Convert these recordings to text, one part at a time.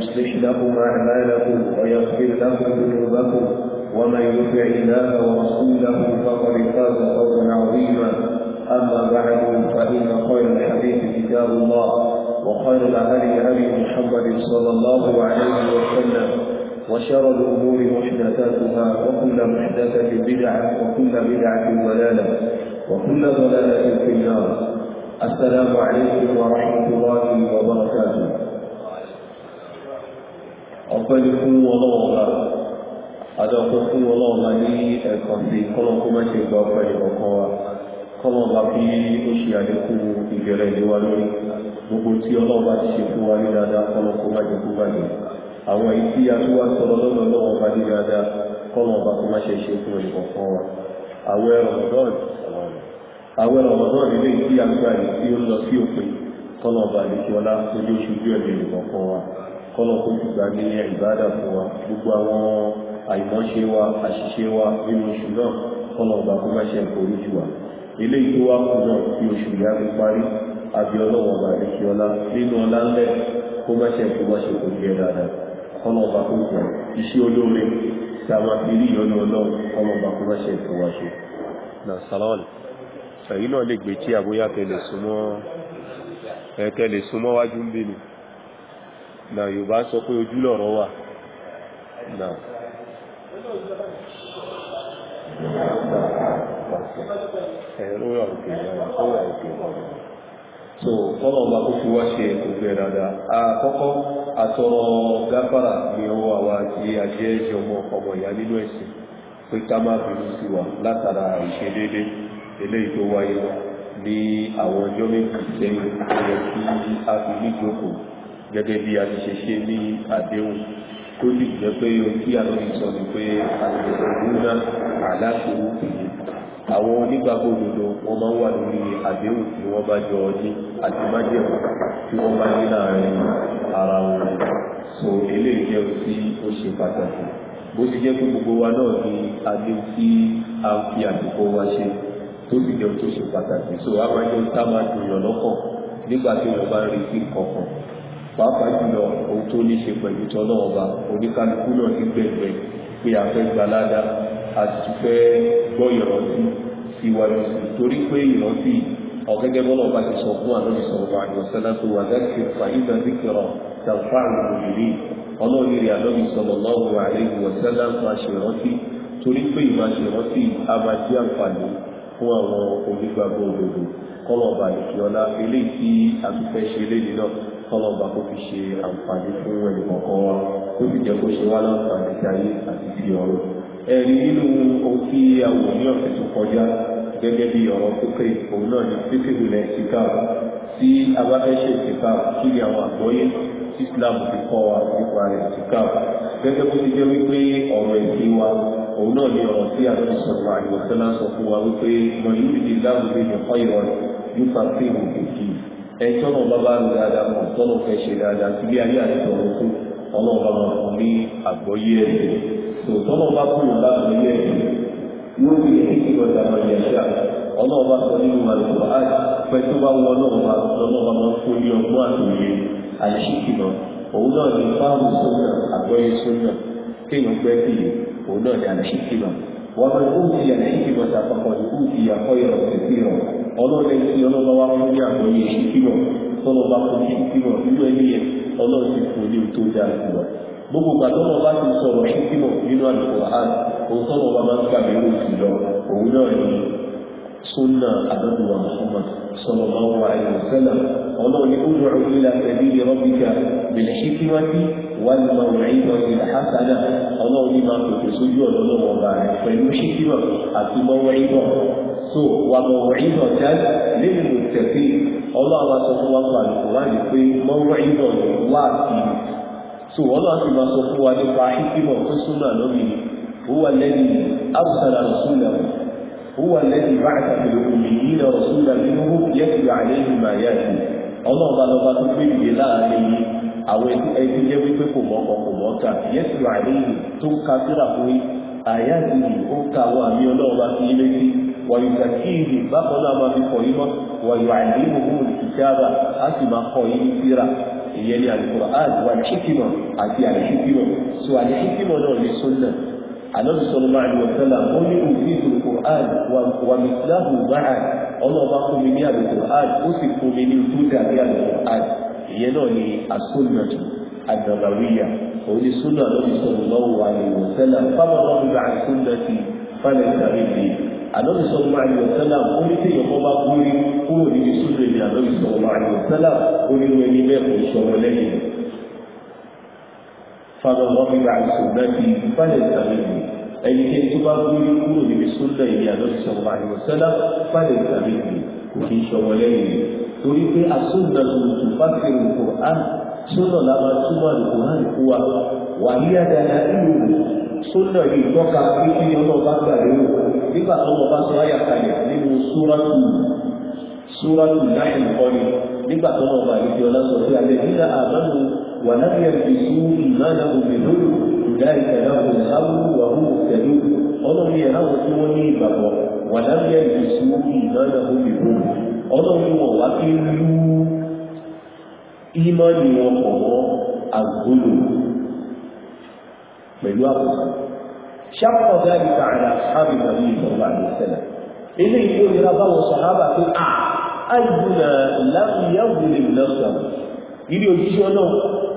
يصلح لكم أعمالكم ويغفر لكم ذنوبكم ومن يطع الله ورسوله فقد فاز فوزا عظيما أما بعد فإن خير الحديث كتاب الله وخير الهدي هدي محمد صلى الله عليه وسلم وشر الأمور محدثاتها وكل محدثة بدعة وكل بدعة ضلالة وكل ضلالة في النار السلام عليكم ورحمة الله وبركاته ọpẹ́ ni fún ọlọ́wọ́ ọba adọ́pẹ́ fún ọlọ́wọ́ ọba ní ẹ̀kan sí kọ́lọ̀ kó mẹ́sẹ̀ gba ọpẹ́ ìkọ̀kan wa kọ́lọ̀ ọba bí ó ṣe àdínkù ìbẹ̀rẹ̀ ìléwá lórí gbogbo tí ọlọ́wọ́ bá ti ṣe fún wa ní dáadáa kọ́lọ̀ kó bàjẹ́ kó bàjẹ́ àwọn èyí tí a tún wá sọ̀rọ̀ lọ́dọ̀ ọlọ́wọ́ ọba ní dáadáa kọ́lọ̀ ọba kó mẹ́sẹ̀ ṣe fún ìkọ̀kan wa àwẹ̀ rọ̀mọdọ́ọ̀n kọ́nà kó ti gbà ní ìbádà fún wa gbogbo àwọn àìmọ́ṣe wa àṣìṣe wa nínú oṣù náà kọ́nà ọba kó má ṣe ìforí jù wa eléyìí tó wá kù náà oṣù yá fi parí àbí ọlọ́wọ́ ọba àdéṣe ọlá nínú ọlá ńlẹ̀ kó má ṣe má ṣe jẹ́ dáadáa kọ́nà ọba kó gbà iṣẹ́ olóore tá a máa fi rí ìyọnu kọ́nà ọba kó má ṣe na yorùbá sọ pé ojú lọ̀rọ̀ wà na. so fọlọ ọba kó fi wá ṣe gbogbo ẹ dáadáa àkọ́kọ́ àtọrọ gáfàrà àjẹ ọmọ ìyá nínú pé ká má bínú sí wa látara eléyìí tó wáyé ní àwọn tó yẹ kí a fi níjókòó gẹ́gẹ́ bí a ti ṣe ṣe ní àdéhùn tó lè jẹ́ pé ohun àlọ́yìn sọ ni pé àlùfẹ́lúnà àlàkùrú kìí àwọn onígbàgbọ́ òdodo wọ́n máa ń wà lórí àdéhùn tí wọ́n bá jọ ọdí àti májèmọ̀ tí wọ́n bá ní láàrin ara wọn so eléyìí jẹ́ ohun tí ó ṣe pàtàkì bó ti jẹ́ pé gbogbo wa náà ni adé tí a ń fi àdúgbò wa ṣe tó sì jẹ́ tó ṣe pàtàkì so a máa jẹ́ ohun tá a máa dùn nígbà tí èèyàn bá ń retí nǹkan pàápàá jùlọ ohun tó ní ṣe pẹ̀lú tọ́lọ́ ọba oníkálukú náà ní gbẹ̀gbẹ̀ pé a fẹ́ gbalada a sì fẹ́ gbọ́ ìrántí síwájú sí torí pé ìrántí ọ̀gẹ́gẹ́ bọ́lá ọba ti sọ fún àlọ́bí sọ̀rọ̀ bá àyọ̀ tó wà dákì fa ìgbà díkìrọ̀ tàfà ìròyìn sọ̀rọ̀ lọ́wọ́ ọba eléyìí tí a tún fẹ́ kọ́nà ọba kó fi ṣe àǹfààní fún ẹnì kọ̀ọ̀kan wa kó fi jẹ́ kó ṣe wá láǹfààní ti ayé àti ti ọ̀run. ẹ̀rí nínú ohun tí a wò ní ọ̀sẹ̀ tó kọjá gẹ́gẹ́ bí ọ̀rọ̀ pípé òun náà ni pípé ìlẹ̀ ìsìká tí a bá fẹ́ ṣe ìsìká kí ni àwọn àgbọ́yé tí Islam fi kọ́ wa nípa rẹ̀ ìsìká gẹ́gẹ́ bó ti jẹ́ wípé ọ̀rọ̀ ẹ̀sìn wa òun náà ni ọ̀rọ̀ tí a ti sọ̀rọ̀ àyọ̀sẹ́lá sọ fún wa wípé mọ̀lúùdì láàbùdé ìyẹ̀kọ́ ìrọ̀rùn yóò fà sí ìwòkè kìí ẹjọ́ náà bá bá mi dáadáa mọ̀ tọ́nà fẹ́ ṣe dáadáa sílé ayé àti tọ̀rọ̀ fún ọlọ́run bá wọn fún ní àgbọ́yé ẹ̀sìn tó tọ́nà bá kú ìlú láti ní ẹ̀sìn yóò fi èyí ti gbọdọ̀ àmọ́ ìyẹ̀ṣà ọlọ́run bá sọ nínú àlùkò àti pẹ́ tó bá wọ ọlọ́run bá lọ́nà bá wọn fún ní ọgbọ́n àtòyè àìsíkìmọ̀ ọlọ́run ẹni tí ọlọ́run wá fún ní àgbọ̀yé ìṣí kíwọ̀ tọ́lọ́ bá fún ní kíwọ̀ nínú ẹni yẹn ọlọ́run ti fún ní tó sí wa gbogbo ìgbà bá ti sọ̀rọ̀ kíwọ̀ nínú àn òun bá máa ń lọ òun náà Muhammad sọ̀rọ̀ wà ẹ̀yọ̀ sẹ́lẹ̀ ọlọ́run ó dùn ìlà so وموعظة للمتقين ọlọ́wà sọ fún wọn pàdé kò wá ní pé mọ́wọ́ìdọ̀ ní wà sí i so wọ́n náà máa sọ fún wa nípa hikimọ̀ tó súnà lórí هو الذي أرسل رسوله هو الذي بعث في الأميين رسولا منهم يتلو عليهم آياته ọlọ́ọ̀bá lọ́ba tó gbé ìwé láàrin tó àwọn wàyùkàkìrì bákan náà máa fi kọ̀ yín mọ́ wàyùàlímùhù ìkìtàbà á sì máa kọ̀ yín síra ìyẹn ní al-Qur'an wal-hikmah àti al-hikmah so al-hikmah náà ní sunnah anabi sallallahu alaihi wa sallam ó ní òfìsù Qur'an wà mìsíláhù máa ọlọ́ọ̀bá fún mi ní al-Qur'an ó sì fún mi ní dúdà ní al-Qur'an ìyẹn náà ní as-sunnah an-nabawiyya òun ní sunnah anabi sallallahu alaihi wa sallam fáwọn ọlọ́ọ̀bá fún mi ní al-Qur'an ànábì sọ̀rọ̀ máa yọ sẹ́lá ó ní tèèyàn kan bá kú rí kúrò níbi súnlẹ̀ ní ànábì sọ̀rọ̀ máa yọ sẹ́lá ó ní ẹni bẹ́ẹ̀ kò sọ̀rọ̀ lẹ́yìn. fàdọ̀ lọ́mí bá sùn náà ti fàlẹ̀ sàmì mi ẹni tí tó bá kú rí kúrò níbi súnlẹ̀ ní ànábì sọ̀rọ̀ máa yọ sẹ́lá fàlẹ̀ sàmì mi kò kì í sọ̀rọ̀ lẹ́yìn torí pé àsúnà tuntun fásitì kò á sọ́nà làwọn túmọ̀ àlùkò hàn kó wa wàhíyá dáadáa ìlú súnà yìí tọ́ka pé kí ni ọlọ́ọ̀bá gbà lérò nígbà tó lọ́ba sọ ayà kalẹ̀ nínú súrátù súrátù láì kọ́ni nígbà tó lọ́ba yìí fi ọlá sọ pé alẹ́ nígbà àbámu wà lábẹ́ ìfisú ìmáàlá òbí lórí ìdá ìtẹ̀lá òun sáwù wà hù tẹ̀lú ọlọ́run yẹn láwọn tí wọ́n ní ìgbàgbọ́ wà lábẹ́ ìfisú ìmáàlá òbí lórí ọlọ́run wọn wá kí lú ìmọ̀ pẹ̀lú àbùkù ṣàpọ̀ dáàbì káàdà sábì nàbí ìṣọ̀lá àdìsẹ́lẹ̀ ilé ìlú ìlera báwọn sàhábà pé à àìbùnà lámìyàwó lè lọ́sà ilé òṣìṣẹ́ náà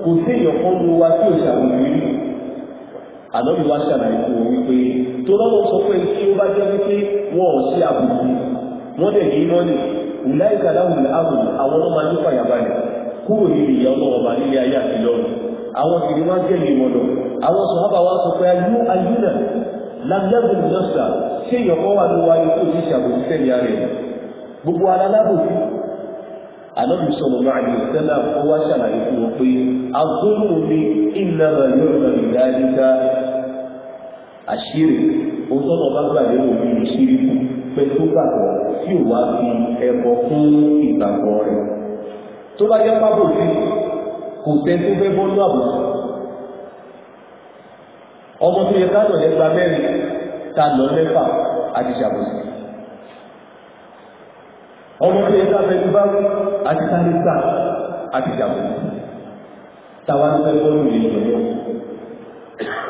kò sí ìyọ̀kan ló wa tí òṣà wùmí ànábì wa ṣàlàyé fún wọn wípé tó lọ́wọ́ sọ pé tí ó bá jẹ́ wípé wọn ò sí àbùkù wọn dẹ̀ ní mọ́nì ìlà ìkàdáhùn àbùkù àwọn ọmọ máa ń kúrò níbi ìyá ọlọ́wọ́ bá nílé ayé àti àwọn kìrì wá jẹ́ ìmọ̀nà àwọn sọ̀hábà wá sọ pé ayú ayúnà lágbẹ́gùn lọ́sà ṣé ìyọ̀kọ́ wà ní wáyé tó ti ṣàbòsí sẹ́ni ara rẹ̀ gbogbo alálábòsí ànábì sọ̀rọ̀ máa ní ìtẹ́lá ó wá ṣàlàyé fún wọn pé agbóhùn mi yóò lọ ìdáríta àṣírí bá ìṣírí kù pẹ̀lú gbàgbọ́ kò sẹ́ni tó fẹ́ bọ́lú àbùkù ọmọ tó yẹ kálọ̀ lẹ́gba mẹ́rin ta lọ lẹ́fà àti ṣàbọ̀sí ọmọ tó yẹ kálọ̀ lẹ́gba àti sáré gbà àti ṣàbọ̀sí táwa ló fẹ́ bọ́lú yìí lọ́yọ́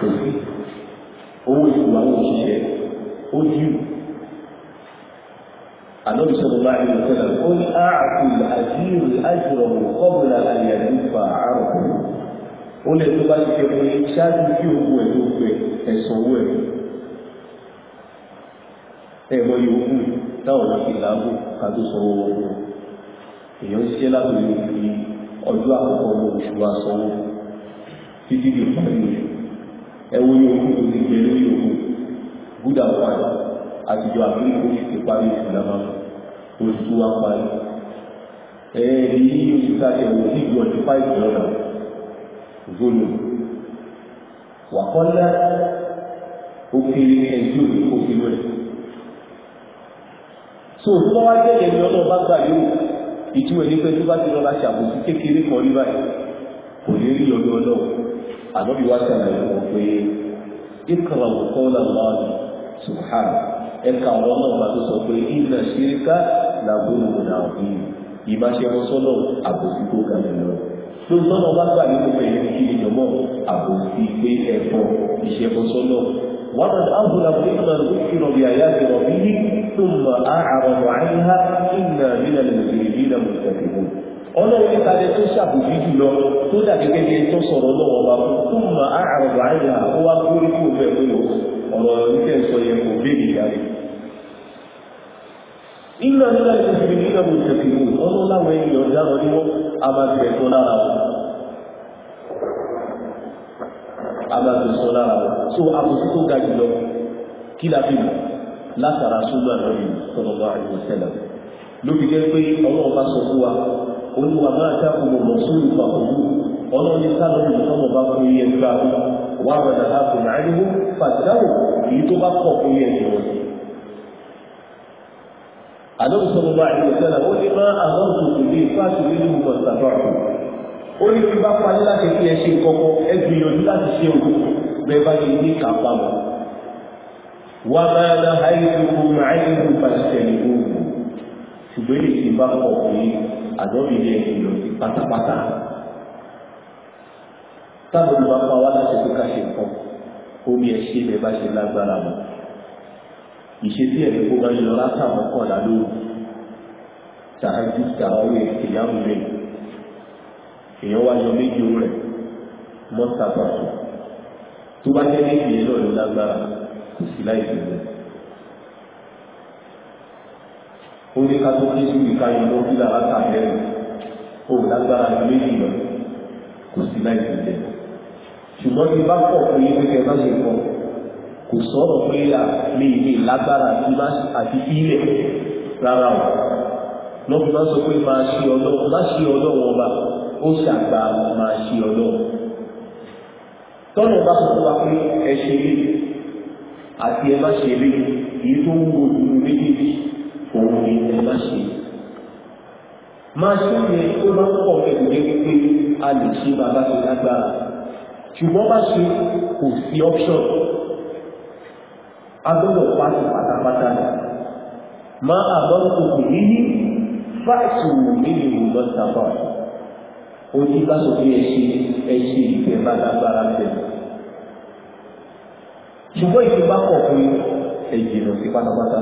kò sí owó ìwà òṣìṣẹ́ ó yí o. النبي صلى الله عليه وسلم قل أعطي الأجير أجره قبل أن يدفع عرضه قل إذا بقى يقول شاد يوم ويوم يسوي ẹ̀rọ yòókù táwọn ọ̀nà ìlàbù kàdó sọ̀rọ̀ wọn èèyàn ń ṣiṣẹ́ lábẹ́ ìlú ọjọ́ àkọ́kọ́ ọmọ oṣù wa sanwó títí di parí oṣù ẹ̀wọ̀n yòókù tó ti gbẹ lórí òkú gúdà wáyé àtijọ́ àbúrò kò ti parí ìsìlámà oṣù wa parí ẹ̀ẹ́dì yìí oṣù kájẹ̀ wò ní twenty five zolo wàkọ́lá òkèèrè ẹ̀jú òkèèrè rẹ̀ so tó wá jẹ́ ẹ̀mí ọ̀nà bá gbà yóò ìtumọ̀ ní tó bá ti lọ́ra ṣàkóso kékeré kan rí báyìí kò ní rí ọdún ọlọ́run ànábì wá sàlàyé wọn pé ìkàrà òkọ́ làwọn subhanahu ẹ̀ka ọ̀rọ̀ náà bá tó sọ pé ìlà ṣíríkà làgbóhùn àbí ìbáṣepọ̀ sọ́nà àbòsí tó ga lọ. tó sọ́nà bá gbà nínú pẹ̀lú kí ni jọmọ́ àbòsí pé ẹ̀fọ́ ìṣẹ́fọ́ sọ́nà. wọ́n mọ̀ áhùn àbúrò náà ló fi rọ̀bì àyà fi rọ̀bì yí tó mọ̀ àrọ̀rọ̀ àyíká ìnà nínà lòdì nínà mùsùlùmí. ọlọ́run níta lẹ tó ṣàbòsí jùlọ tó dà gẹ́gẹ́ tó sọ̀rọ̀ lọ́wọ́ wa tó mọ̀ àrọ̀rọ̀ àyíká ó wá kúrú kúrú ọ̀rọ̀ wíkẹ́ sọ yẹn kò bí ìyá rẹ̀. nínú ẹgbẹ́ ìṣòfin nínú ẹgbẹ́ ìṣòfin ọdún láwọn èèyàn dáhùn ní wọ́n a máa fi ẹ̀tọ́ lára wọn. a máa fi sọ lára wọn. so àbùkù tó ga jùlọ kí la fi mọ̀ látara súnmọ́ àná yìí sọ̀rọ̀ àìsàn sẹ́lẹ̀ lóbi jẹ́ pé ọlọ́run bá sọ fún wa olúwa máa dákùn mọ̀ mọ̀ sóòlù pàkó ọlọ́run ní sálọ́ọ̀nù tọ́mọ̀ bá fún wà wọ́n náà kò náà ní wọ́n fàtàwọ̀ èyí tó bá pọ̀ fún yẹn jùlọ. àdókò sọ bàbá àti ìṣẹ̀lẹ̀ ó ní máa àwọn òkùnkùn ní fáṣí nínú mọ̀tàbọ̀ ó ní bí bá parí láti fi ẹṣin kọ̀kọ́ ẹ gbìyànjú láti ṣe òkú bẹ́ẹ̀ bá yẹ ní kápá mọ́. wà á máa ná máa ń lù pàṣẹ ṣùgbọ́n táwọn olùbápa wa láti pé ká ṣe nǹkan omi ẹ̀ ṣe bẹ́ẹ̀ bá ṣe lágbára mọ́ ìṣesí ẹ̀rí kó máa ń lọ látàwọn kọ̀ọ̀dà lóru tàájú tàáwé ìyáwó rẹ̀ èèyàn wá yọ méjì rẹ̀ mọ́tàbàtò tó bá jẹ́ méjì yẹn náà ló lágbára kò sí láì fi mú. ó ní ká tó kéjú ìka yẹn lọ sí làlákà mẹ́rin ó lágbára méjì lọ kò sí láì fi jẹ́ ṣùgbọ́n bí bá pọ̀ fún yín pé kẹ́ ẹ kò sọ̀rọ̀ pé à mi ìwé lágbára àti ilẹ̀ rárá o lọ́kùn máa sọ pé máa ṣe ọlọ́run má ṣe ọlọ́run ọba ó ṣàgbà máa ṣe ọlọ́run tọ́nà bá sọ fún wa pé ẹ ṣe rí àti ẹ má ṣe rí èyí tó ń wo ìlú méjèèjì òun ni ẹ má ṣe máa ṣe yẹ ó máa ń pọ̀ pẹ̀lú pé a lè ṣe bàbá tó lágbára ṣùgbọ́n bá ṣe kò sí option agbọ́dọ̀ pàṣẹ pátápátá ni máa àbọ̀kù nìyí fáìsì wò nílùú ìmọ̀tàfà ojú bá tó fi ẹṣin ẹṣin ìfẹ́ bá lágbára tẹ̀. ṣùgbọ́n ìfipá pọ̀ fún ẹ̀jẹ̀ lọ sí pátápátá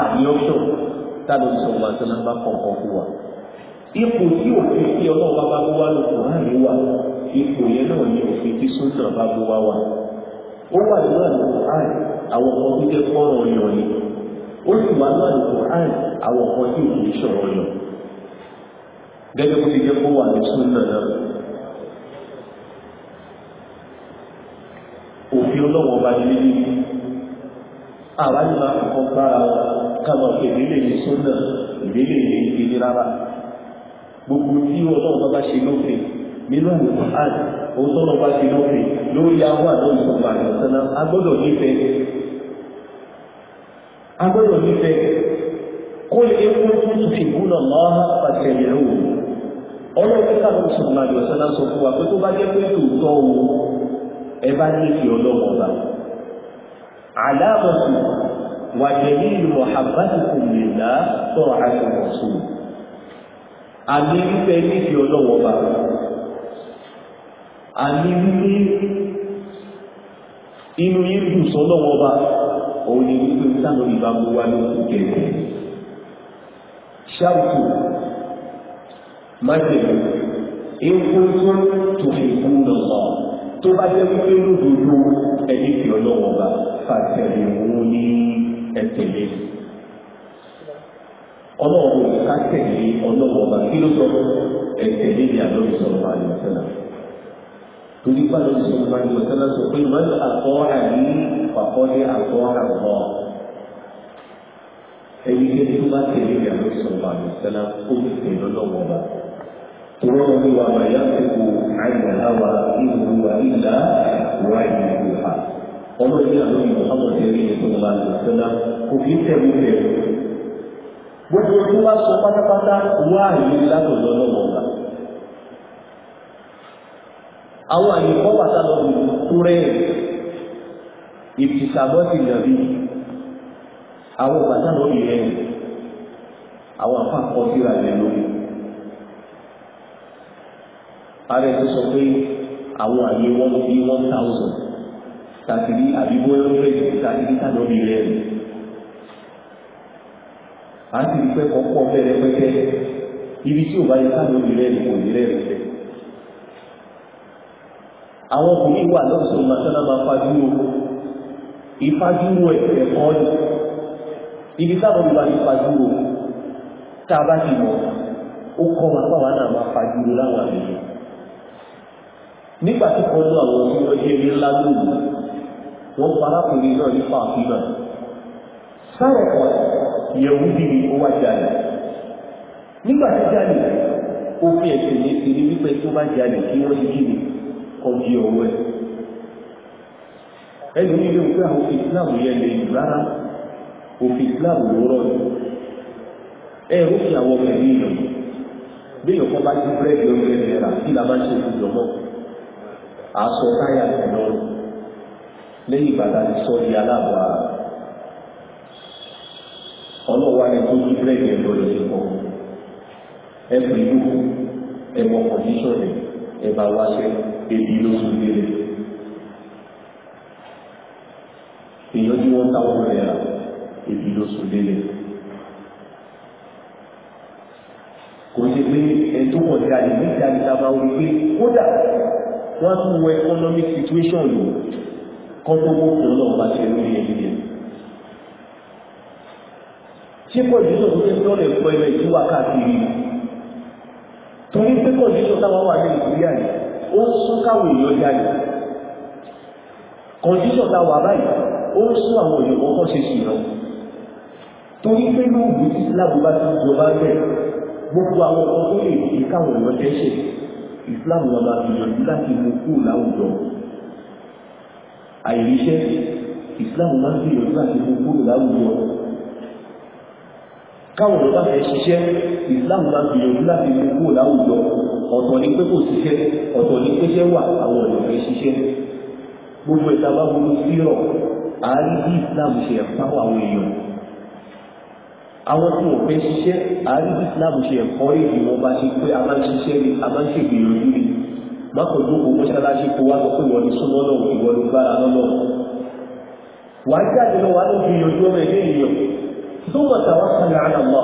àní option tábìlì sọ̀rọ̀ máa tẹ́lẹ̀ bá kọ̀ọ̀kan fún wa ipò tí òfin tí ọlọ́ọ̀bá bá wá lóko àárín wa ipò yẹn náà ní òfin tí súnà bá mú wá wá ó wà nínú àlùkò àì àwọn ọmọ gbígbé fọ́ràn yàn ni ó sì wà nínú àlùkò àì àwọn ọmọ tí òkè sọ̀rọ̀ yàn gẹ́gẹ́ bó ti jẹ́ kó wà ní súnà náà òfin ọlọ́wọ́ bá ní níbi àwa ní máa kọ́kọ́ bára wọn káwọn ìdílé ní súnà ìdílé ní ìdílé rárá gbogbo tí ọlọ́wọ́ bá ṣe lófin nínú àlùfáà òun tọ́lọ́ bá fi lófin lórí awọ àdóhùn ìsọ̀gbà àdìsọ́lá a gbọ́dọ̀ nífẹ̀ẹ́ a kó lè kó tún ti ìbúlọ̀ lọ́wọ́ pàtẹ́lẹ̀ òun ọlọ́run sábà ìsọ̀gbà àdìsọ́lá sọ fún wa pé tó bá jẹ́ pé tòótọ́ o ẹ bá àmì wípé inú yín dùn sọ́lọ́wọ́ ọba òun ni wípé sáàlọ́ ìbá mú wá ní ìkẹ̀kẹ̀ ṣáàtù májèlú ewu tó tó fi kú lọ́wọ́ tó bá jẹ́ wípé lódodo ẹni fi ọlọ́wọ́ ọba fàtẹ̀lé òun ní ẹ̀tẹ̀lé ọlọ́wọ́ ọba tẹ̀lé ọlọ́wọ́ ọba kí ló sọ ẹ̀tẹ̀lé ni àlọ́ ìsọ̀rọ̀ àlùfẹ́lá torí bá lọ́sọ̀ ìgbà ìgbà sọ́lá sọ pé mọ́n àkọ́ àrí pàpọ́ ní àkọ́ àbọ̀ ẹnikẹ́ni tó bá tẹ̀lé ìyàwó sọ̀rọ̀ àmì sọ́lá ó ń tẹ̀lé lọ́wọ́ wa tó wọ́n ní wa máa yá kókò àyànlá wa ìlú wa ìlà wa ìlú ha ọlọ́ọ̀ni àwọn ìmọ̀ọ́mọ̀ tẹ̀lé ìyàwó sọ̀rọ̀ kò fi tẹ̀lé gbogbo tó wá sọ pátápátá wá àyè látọ̀ àwọn àyíkọ́ wà sálọ tó rẹ̀ ìtìsàbọ́sì nàbí àwọn bàtà lórí rẹ̀ àwọn àpapọ̀ síra rẹ̀ lórí ààrẹ tó sọ pé àwọn àyè wọn bí one thousand tàbí àbíbó ẹgbẹ́ tàbí tàbí lórí rẹ̀ àti ìpẹ́kọ̀ọ́ pọ̀ bẹ́ẹ̀ rẹpẹtẹ ibi tí ò bá yẹ káàdì òbí rẹ̀ kò ní rẹ̀ rẹ̀ àwọn ọkùnrin wà lọ́sùn màtọ́lá máa fajúwò ìfajúwò ẹ̀kọ́ ni ibi táwọn ìgbà ìfajúwò tá a bá ti mọ̀ ó kọ́ wa pàwọn náà máa fajúwò láwọn àmì nígbà tí kan lọ àwọn tí wọ́n jẹ́ ní ńlá lóòrùn wọ́n pa arákùnrin náà ní fàáfíà sáré kan yẹ̀wù bíbí ó wá jáde nígbà tí jáde ó ẹ̀sìn ní ìrírí pé tó bá jáde kí wọ́n ti jí mi kọjí ọwọ́ ẹ̀ ẹnu nílé wípé àwọn òfin Islam yẹn lè jù rárá òfin Islam ló rọ ni ẹ ò fi àwọn ọmọ ẹ̀mí yàn béèyàn kan bá ti búrẹ́dì ọ̀gbẹ́ náírà kí la máa ń ṣe fún jọmọ́ àṣọ táyà tẹ̀lé lẹ́yìn ìbàdàn ti sọ di aláàbọ̀ ààrẹ ọlọ́wà ni tó tún bẹ́ẹ̀ yẹn lọ́dọ̀ pọ̀ ẹ pẹ̀lú ẹ kọ̀díṣọ̀nì ẹ bá wá èyí ló tún délé èèyàn tí wọ́n táwọn rẹ̀ rà èyí ló tún délé kò ṣe pé ẹni tó pọ̀ jáde ní ìjáde ta máa wí pé kódà wọ́n tún wọ economic situation lò kọ́ tó wó fún ọlọ́ọ̀bá ṣe lórí ẹ̀yìn yẹn ṣé kọ̀díṣọ̀ tó ń tọ́lẹ̀ pẹ̀lú ìtúwà káàkiri torí pé kọ̀díṣọ̀ táwọn wà ní ìgbéyàwó ó ń sún káwọn èèyàn jáde kọ̀ǹdíṣọ̀ tá a wà báyìí ó ń sún àwọn èèyàn kọ́kọ́ ṣe sí lọ torí pé lóògùn tí islam bá ti jọba bẹ́ẹ̀ gbogbo àwọn ọmọ tó lè fi káwọn èèyàn tẹ́ṣẹ̀ islam wọn máa gbìyànjú láti mú kúrò láwùjọ àìríṣẹ́ islam máa ń gbìyànjú láti mú kúrò láwùjọ káwọn ọ̀dọ́ bá fẹ́ ṣiṣẹ́ ìsìláàmù máa gbìyànjú láti fi kúrò láwùjọ ọ̀tọ̀ ni pé kò ṣiṣẹ́ ọ̀tọ̀ ni pé ṣẹ́ wà àwọn ọ̀dọ́ fẹ́ ṣiṣẹ́ gbogbo ẹ̀ta bá wọlé sírọ̀ àárín bí ìsìláàmù ṣe ẹ̀páwọ̀ àwọn èèyàn àwọn tí wọ́n fẹ́ ṣiṣẹ́ àárín bí ìsìláàmù ṣe ẹ̀kọ́ èdè wọn bá ṣe pé a máa ń ṣiṣẹ́ ni a máa ń ṣègbìyànjú ni mákòókò wàá jáde lọ wàá lọ gbìyànjú ọmọ ẹgbẹ́ ènìyàn tó mọ̀ tàwọn sàlẹ̀ àlà mọ́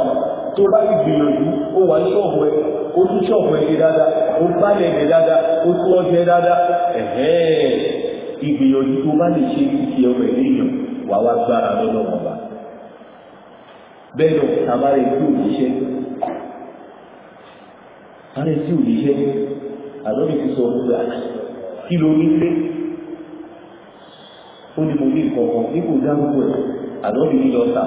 tó bá ti gbìyànjú ó wà ṣọ́ọ̀bù ẹ ó tún ṣọ́ọ̀bù ẹ dáadáa ó bálẹ̀ ẹ dáadáa ó tún ọjọ́ ẹ dáadáa bá lè ṣe ti ọmọ ẹ̀ wà wá gbára lọ́dọ̀ ọba bẹ́ẹ̀ lọ tàbárẹ̀ tí ò tí ò ti sọ ọdún gbà kí ló ní lé ó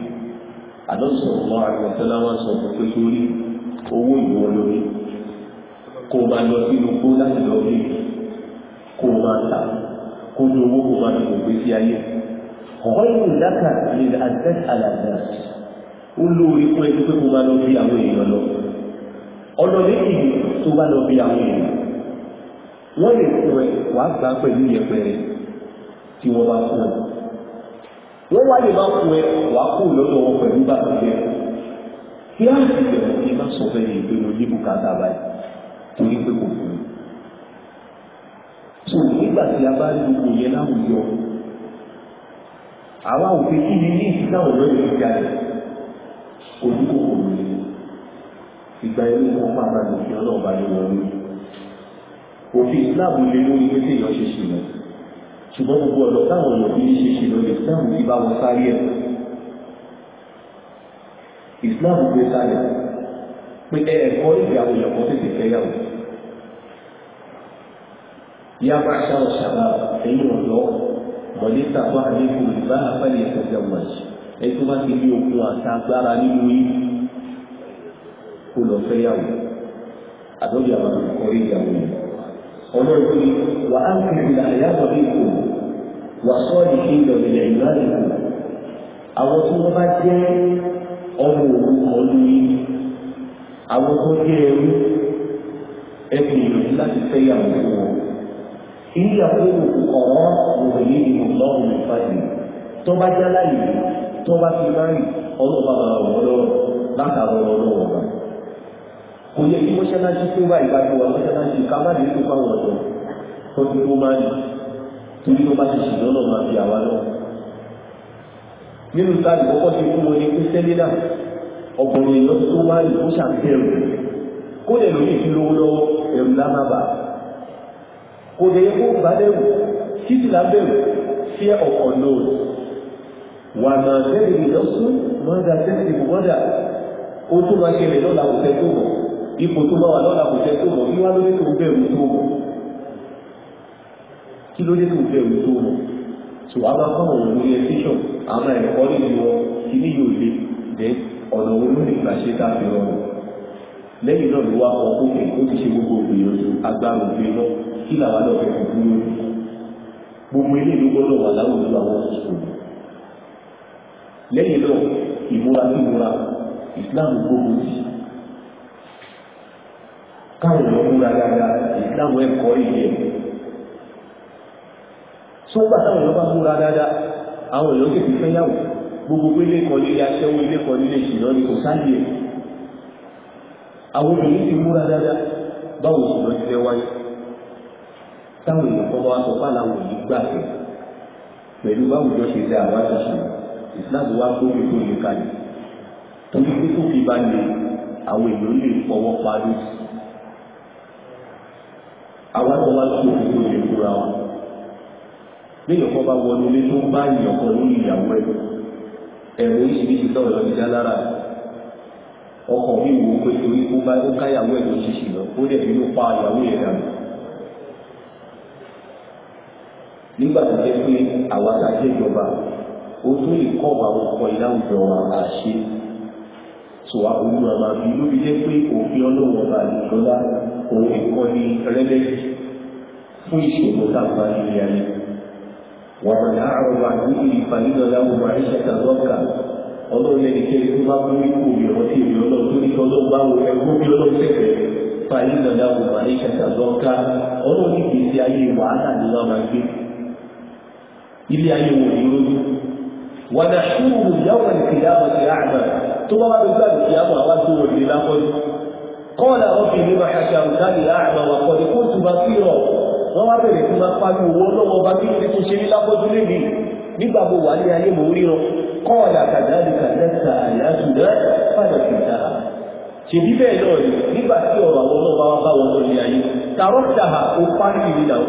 àdọ́sọ̀rọ̀ mọ́ àgbẹ̀tọ́lá wọn sọ fún pé sórí owó ìwọ lórí kó o máa lọ sínú gbó láti lọ rí kó o máa ta kó o ní owó kó o máa fi gbogbo sí ayé ọ̀hún ìdáka ni àdẹ́t àlàdà ó lóore fún ẹni pé kó máa lọ bí àwọn èèyàn lọ ọ̀nà méjì tó bá lọ bí àwọn èèyàn wọ́n lè fún ẹ wàá gbà pẹ̀lú yẹpẹrẹ tí wọ́n bá fún ẹ wọ́n wáyé máa fún ẹ wàá kú lọ́dọ̀ wọn pẹ̀lú bàbá yẹn kí á sì bẹ̀rẹ̀ kí má sọ fẹ́ yẹn pé mo ní bùkátà báyìí torí pé kò fún mi. tó nígbà tí a bá rí gbogbo yẹn láwùjọ àwa ò fi kí ni ní ìdílé àwọn ọ̀rẹ́ yẹn jáde ojú kòkòrò yẹn ìgbà yẹn ló kọ́ pàtàkì òfin ọlọ́ọ̀bá yẹn wọlé òfin Islam lé lórí pé téèyàn ṣe ṣùgbọ́n gbogbo ọ̀dọ́ táwọn èèyàn fi ń ṣe ṣe lọ́lẹ̀ islam ti bá wọn sáré ẹ̀ islam gbé sáré pé ẹ ẹ̀kọ́ ìyàwó ìyàwó tètè fẹ́yàwó yá bá ṣáà ṣàbà ẹ̀yìn ọ̀dọ́ mọ̀lẹ́ta bá a lékún ìbá abẹ́lẹ̀ ìtọ́jà wọ̀nyí ẹ tó bá ti ní okun àtagbára nínú yìí kó lọ fẹ́yàwó àtọ́jú àwọn akọ̀rí ìyàwó yìí ọlọ́run ni wàá kiri ìlànà yàtọ̀ ní ìkòlù. والصالحين من عباد الله àwọn tó wọ́n bá jẹ́ ọmọ òun kan ní àwọn tó jẹ́ ẹrú ẹbí ìlú láti fẹ́yàwó fún wọn. ìyàwó ọ̀rọ̀ òwòye ìmọ̀lọ́rùn ìfàdé tó bá jẹ́ láyé tó bá fi máa rìn ọlọ́ọ̀bá máa wọ̀ lọ́rọ̀ látàwọn ọlọ́wọ́ bá. kò yẹ kí mọ́ṣáláṣí tó bá torí tó bá ti ṣùgbọ́n náà máa fi àwa lọ. nínú ta ìkọ́kọ́ ti fún wọn ní pé sẹ́lẹ́dà ọ̀gbọ̀nrún ìlọ tó wá ìlú ṣàbẹ̀rù kó lè lóyún ìfi lówó lọ́wọ́ ẹ̀rù lámàbà kò lè kó gbàdẹ̀rù títí lábẹ̀rù sí ọ̀pọ̀ náà wà máa tẹ́lẹ̀ ìlọ́sùn mọ́dà tẹ́lẹ̀ ìbùmọ́dà ó tó máa ṣẹlẹ̀ lọ́la kò tẹ́ tó mọ̀ ipò tó máa wà lọ́la kò tẹ́ tó mọ̀ tó mọ̀ kí ló dé tó fẹ́ òun tó mọ̀ so a máa kọ́ àwọn orientation a máa ẹ̀kọ́ nínú wọn kí ní yóò le then ọ̀nà wo ló lè gbà ṣe tá a fi rọrùn lẹ́yìn náà ló wá kọ́ òkè ó ti ṣe gbogbo ìgbìyànjú agbára òfin náà kí làwa náà fẹ́ kọ́ dúró gbogbo ilé ìlú gbọ́dọ̀ wà láwùjọ àwọn òṣèlú lẹ́yìn náà ìmúra ìmúra ìsìláàmù gbogbo sí káwọn ọmọ múra dáadáa ìsìláàmù ẹ̀kọ́ ìyẹn tó gbà táwọn èèyàn bá múra dáadáa àwọn èèyàn tètè fẹ́yàwó gbogbo pé ilé kọ́ lílé aṣẹ́wó ilé kọ́ lílé ìṣìná ni kò sáàyè àwọn obìnrin ti múra dáadáa báwo ìṣìná ti fẹ́ wáyé táwọn èèyàn kọ́ wá sọ fáwọn àwọn èèyàn gbà pé pẹ̀lú báwo ìjọ ṣe dá àwọn àṣìṣe Islam wá gbóyè tó yẹ kalẹ̀ torí pé tó fi bá lè àwọn èèyàn lè fọwọ́ parí àwọn àtọwá tó fi tó yẹ fúra wọn. léyìn ọkọ bá wọnú ilé tó bá ìyọkọ lórí ìyàwó ẹ ẹ̀rọ oríṣiríṣi sọ̀rọ̀ lọ́dídá lára ọkọ mi wò ó pé torí ó bá ó káyàwó ẹ̀ tó ṣiṣì lọ ó dẹ̀ bínú pa ìyàwó yẹn dànù. nígbà tó jẹ́ pé àwa ta jẹ́ ìjọba ó tún lè kọ́ àwọn ọkọ̀ tó a fi jẹ́ pé òfin ọlọ́wọ́ bá lè òun ìkọ́ni ومن أعرض عن ذكري فإن له معيشة ضنكا ọlọ́run lẹ́ni kí ẹni tó bá fún ikú ìrántí ìrìn ọlọ́run tó ní kí ọlọ́run bá wo ẹgbẹ́ bí ọlọ́run sẹ̀kẹ̀ fàyè nàdá wò màlẹ́ ṣẹ̀ṣà lọ́ka ọlọ́run ní kìí ṣe ayé wàhálà ni wọ́n máa gbé ilé ayé wò ní lójú. wàdà ṣùgbọ́n ìyáwó ìkìyàwó ti àgbà tó bá wà ló gbà ìkìyàwó àwa tó wọ̀ ní lápọ́jù. kọ́ọ̀lá ọ̀bìnrin máa wọ́n wá bẹ̀rẹ̀ fún máa parí owó lọ́wọ́ bá bí ìfẹ́ tó ṣe rí lápọ́jú lèmi nígbà mo wà ní ayé mò ń ríran kọ́ọ̀lá kàdáàdì kàdáàdà àyàtúndà padà fìtà ṣèbí bẹ́ẹ̀ náà rí nígbà tí ọ̀rọ̀ àwọn náà bá wá bá wọn lọ ní ayé tààrọ́tà ó parí ìrìn náà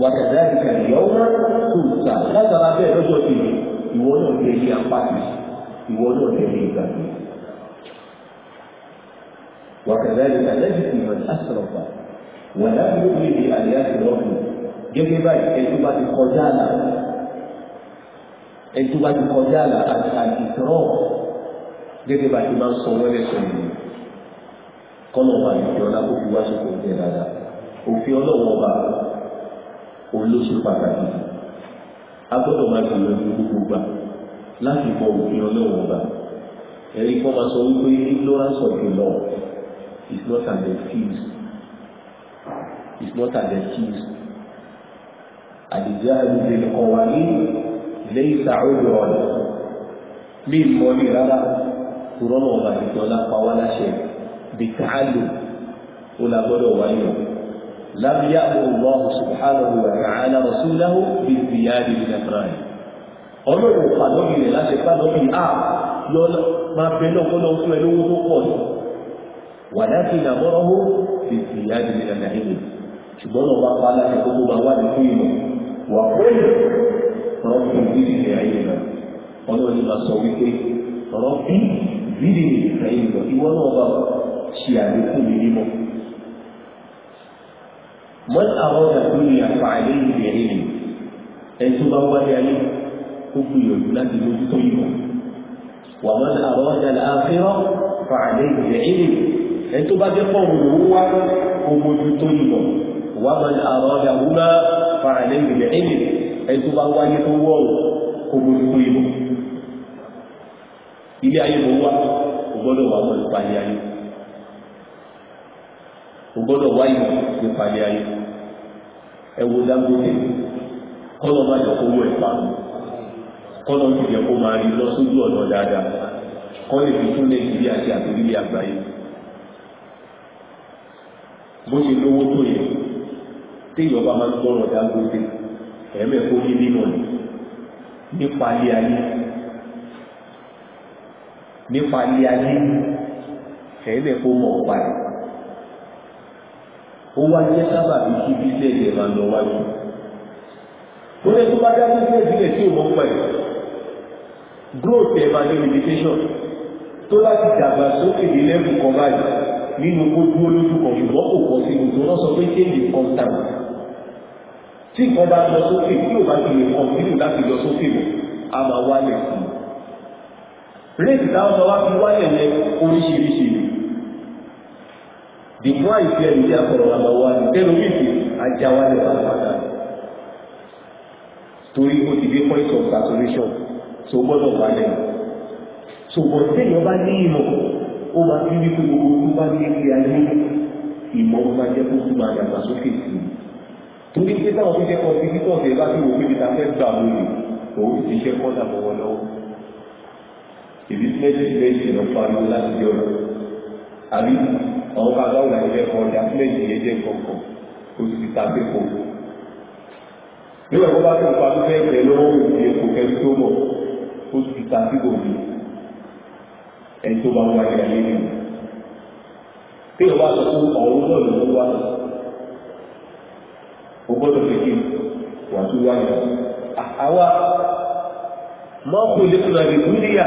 wà kàdáàdì kàdáàdà tó ta látara bẹ́ẹ̀ lọ́jọ́ kejì ìwọ náà lè rí apá ìwọ náà wọ̀dà bí ó lè àlẹ́ àti lọ́kùn gẹ́gẹ́ báyìí ẹtú bá ti kọjá àlà ẹtú bá ti kọjá àlà àti àdìtọ́ gẹ́gẹ́ bá ti máa ń sọ wẹ́lẹ̀ sọ̀rọ̀ yìí kọ́nà ọba ìfẹ́ ọlá kó fi wá sókè ọjọ́ dáadáa òfin ọlọ́wọ́ ọba òun ló ṣe pàtàkì a gbọ́dọ̀ máa gbìyànjú gbogbo gbà láti mọ òfin ọlọ́wọ́ ọba ẹ̀rí kan máa sọ wípé ignorance of the law is not an excuse is not an excuse. àdìjáde bèèrè kan wà ní ilé ìta òòlù ọ̀lẹ̀ mí mọ́ ní rárá kúrọ́nà ọba ìjọba pàwọ́ láṣẹ bìtàálù ó lágbọ́dọ̀ wáyé لم يأمر الله سبحانه وتعالى رسوله بالزيادة من أفراد ọlọ́run ọ̀pá rẹ̀ láti pa á ah, yọ máa bẹ náà kọ́ lọ́wọ́ fún ẹ lówó tó pọ̀ ní wà láti ìdàmọ́rọ́wó ti sì yá di ìdàmọ́ ṣùgbọ́n ọba pa aláṣẹ gbogbo bá wà nínú ìmọ̀ wà pẹ́lú rọ́bì bíbí ní ayé rẹ̀ ọlọ́run ní ma sọ wípé rọ́bì bíbí ní ayé rẹ̀ ìwọ náà bá ṣe àlékún mi mímọ́. wọ́n àwọn ọ̀dàkùn ní àpá àlẹ́ ìrìn ẹ̀yìn rẹ̀ ẹ̀ tó bá wáyé ayé ó gbìyànjú láti lójú tó ìmọ̀. wà wọ́n àwọn ọ̀dàkùn fàlẹ́ ìrìn ẹ̀yìn rẹ̀ ẹ̀ tó bá jẹ́ fọ́ọ̀mù òun wá ó mójú tó ìmọ̀. ومن أرادهما فعليه العلم أن تبواي فوو كبير كريم إلي أي هو gbọ́dọ̀ wà mọ̀ ìpàdé ayé o gbọ́dọ̀ wá ìmọ̀ ìpàdé ayé ẹwọ Dangote kọlọ má jọ owó ẹ̀pà kọlọ ń tìjẹ kó máa rí lọ sójú ọ̀nà dáadáa kọ́ lè fi tún Nàìjíríà àti àtòrílẹ̀ àgbáyé bó ṣe lówó tó yẹ téèyàn bá máa ń gbọ́rọ̀ Dangote ẹ̀mẹ́ kó ní mímọ̀ ni nípa ilé ayé nípa ilé ayé ẹ̀mẹ́ kó mọ̀ ọ̀pá rẹ̀ ó wá jẹ́ sábà bí kí bísẹ̀ ẹ̀ máa lọ wájú ó lè tó bá dá bísẹ̀ ìbílẹ̀ tí ò pẹ̀ growth ẹ̀ ní limitation tó bá ti dàgbà sókè ní lẹ́bù kan báyìí nínú kó dúró lójú kan ṣùgbọ́n kò kọ́ sí gbogbo wọ́n sọ pé change in tí nǹkan bá lọ sókè tí ò bá ti lè kọ nínú láti lọ sókè mọ a máa wálẹ̀ sí i réèkì táwọn ọmọ wa fi wálẹ̀ yẹn oríṣiríṣi dìbò àìsí ẹni tí a kọ̀rọ̀ wà máa wálẹ̀ tẹ́lu méjì ajá wálẹ̀ pàápàá torí o ti dé point of saturation tó gbọ́dọ̀ wálẹ̀ ṣùgbọ́n téèyàn bá ní ìmọ̀ ó máa fi wípé gbogbo tó bá ní ilé ayé ìmọ̀ máa jẹ́ kó tó máa dàgbàsókè sí i torí pé táwọn tó jẹ́ kọ́ńtínítọ̀ ṣe bá ti wò pé níta fẹ́ gbà lónìí òun ti ṣe kọ́ dà lọ́wọ́ lọ́wọ́ ìbí méjì méjì lọ pariwo láti jẹ ọ̀rọ̀ àbí àwọn bàbá òun àti ẹ̀kọ́ ọ̀dà méjì yẹn jẹ́ kọ̀ọ̀kan oṣù ti ta pé kò nígbà tó bá tó pa tó fẹ́ bẹ̀ lọ́wọ́ òun èkó kẹ́lí tó mọ̀ oṣù ti ta sí òbí ẹni tó bá wà ayé nìyẹn o gbọ́dọ̀ fi kí wà tó wáyé àwa mọ́kù lè tún àbí gúdíyà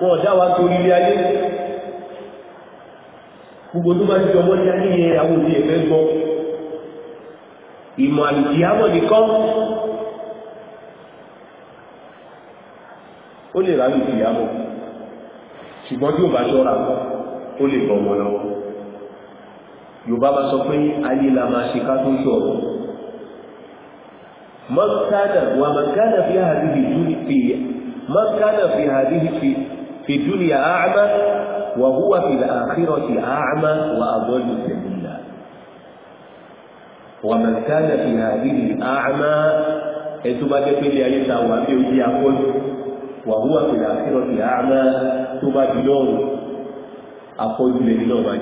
wọn ọ̀dá wa torí ilé ayé gbogbo tó bá ti jọ mọ́ ní ayé yẹn àwọn òbí ẹ̀fẹ́ gbọ́ ìmọ̀ àlùkí àmọ́ nìkan ó lè rà lùkí àmọ́ ṣùgbọ́n tí ò bá ṣọ́ra ó lè bọ̀ wọn lọ́wọ́ yorùbá bá sọ pé ayé la máa ṣe ká tó sọ̀rọ̀ من كان ومن كان في هذه الدنيا في من كان في هذه في في الدنيا أعمى وهو في الآخرة أعمى وأضل سبيلا ومن كان في هذه أعمى أنتم أجبين لأن تعوامي يقول وهو في الآخرة أعمى ثم بلون أقول لله ما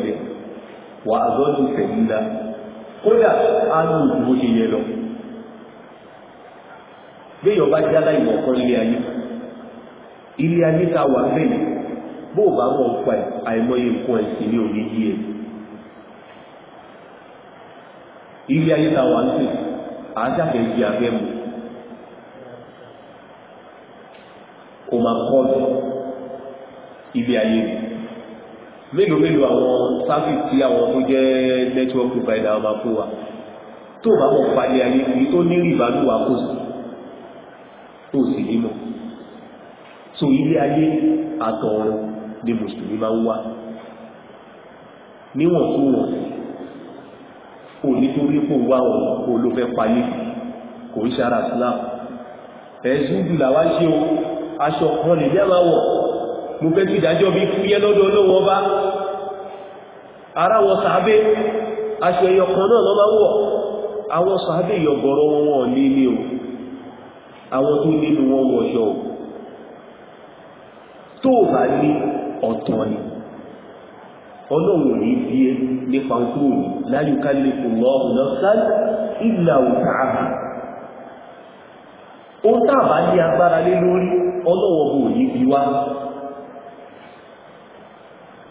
وأضل سبيلا قل أنا مجيئ béèyàn bá jẹ́ aláìmọ̀ kan ilé ayé ilé ayé ta wà bẹ́ẹ̀ bó bá mọ̀ ń pa àìmọye nǹkan ẹ̀sìn ní òní yí ẹ̀ ilé ayé ta wà ń sè àádáfẹ́ di abẹ́ mu kò máa kọ́ ilé ayé mi mélòó mélòó àwọn sáfì tí àwọn tó jẹ́ network provider ọba fún wa tó bá wọn palẹ̀ ayé kìí tó ní rìbálù wa kò sí so ilé ayé àtọ̀run ni mùsùlùmí máa ń wá níwọ̀ntúnwọ̀nsì kò nítorí kò wá ọ̀rọ̀ kò ló fẹ́ payé kò ń ṣara islam ẹ̀sùn jùlọ wá ṣe o aṣọ kan lè jẹ́ máa wọ̀ mo fẹ́ kí ìdájọ́ lọ́dọ̀ ara sàábé aṣọ kan náà lọ́ máa wọ̀ àwọn sàábé ìyọ̀gọ̀rọ̀ wọn ní o àwọn tó nínú wọn wọ̀ṣọ́ o tó o bá ní ọ̀tọ̀ ni ọlọ́run ní bí i nípa o lè kò ọ̀nà sáà ìlà òtàáhà ó tàbá ní agbára lé lórí ọlọ́wọ́ bò ní bí wá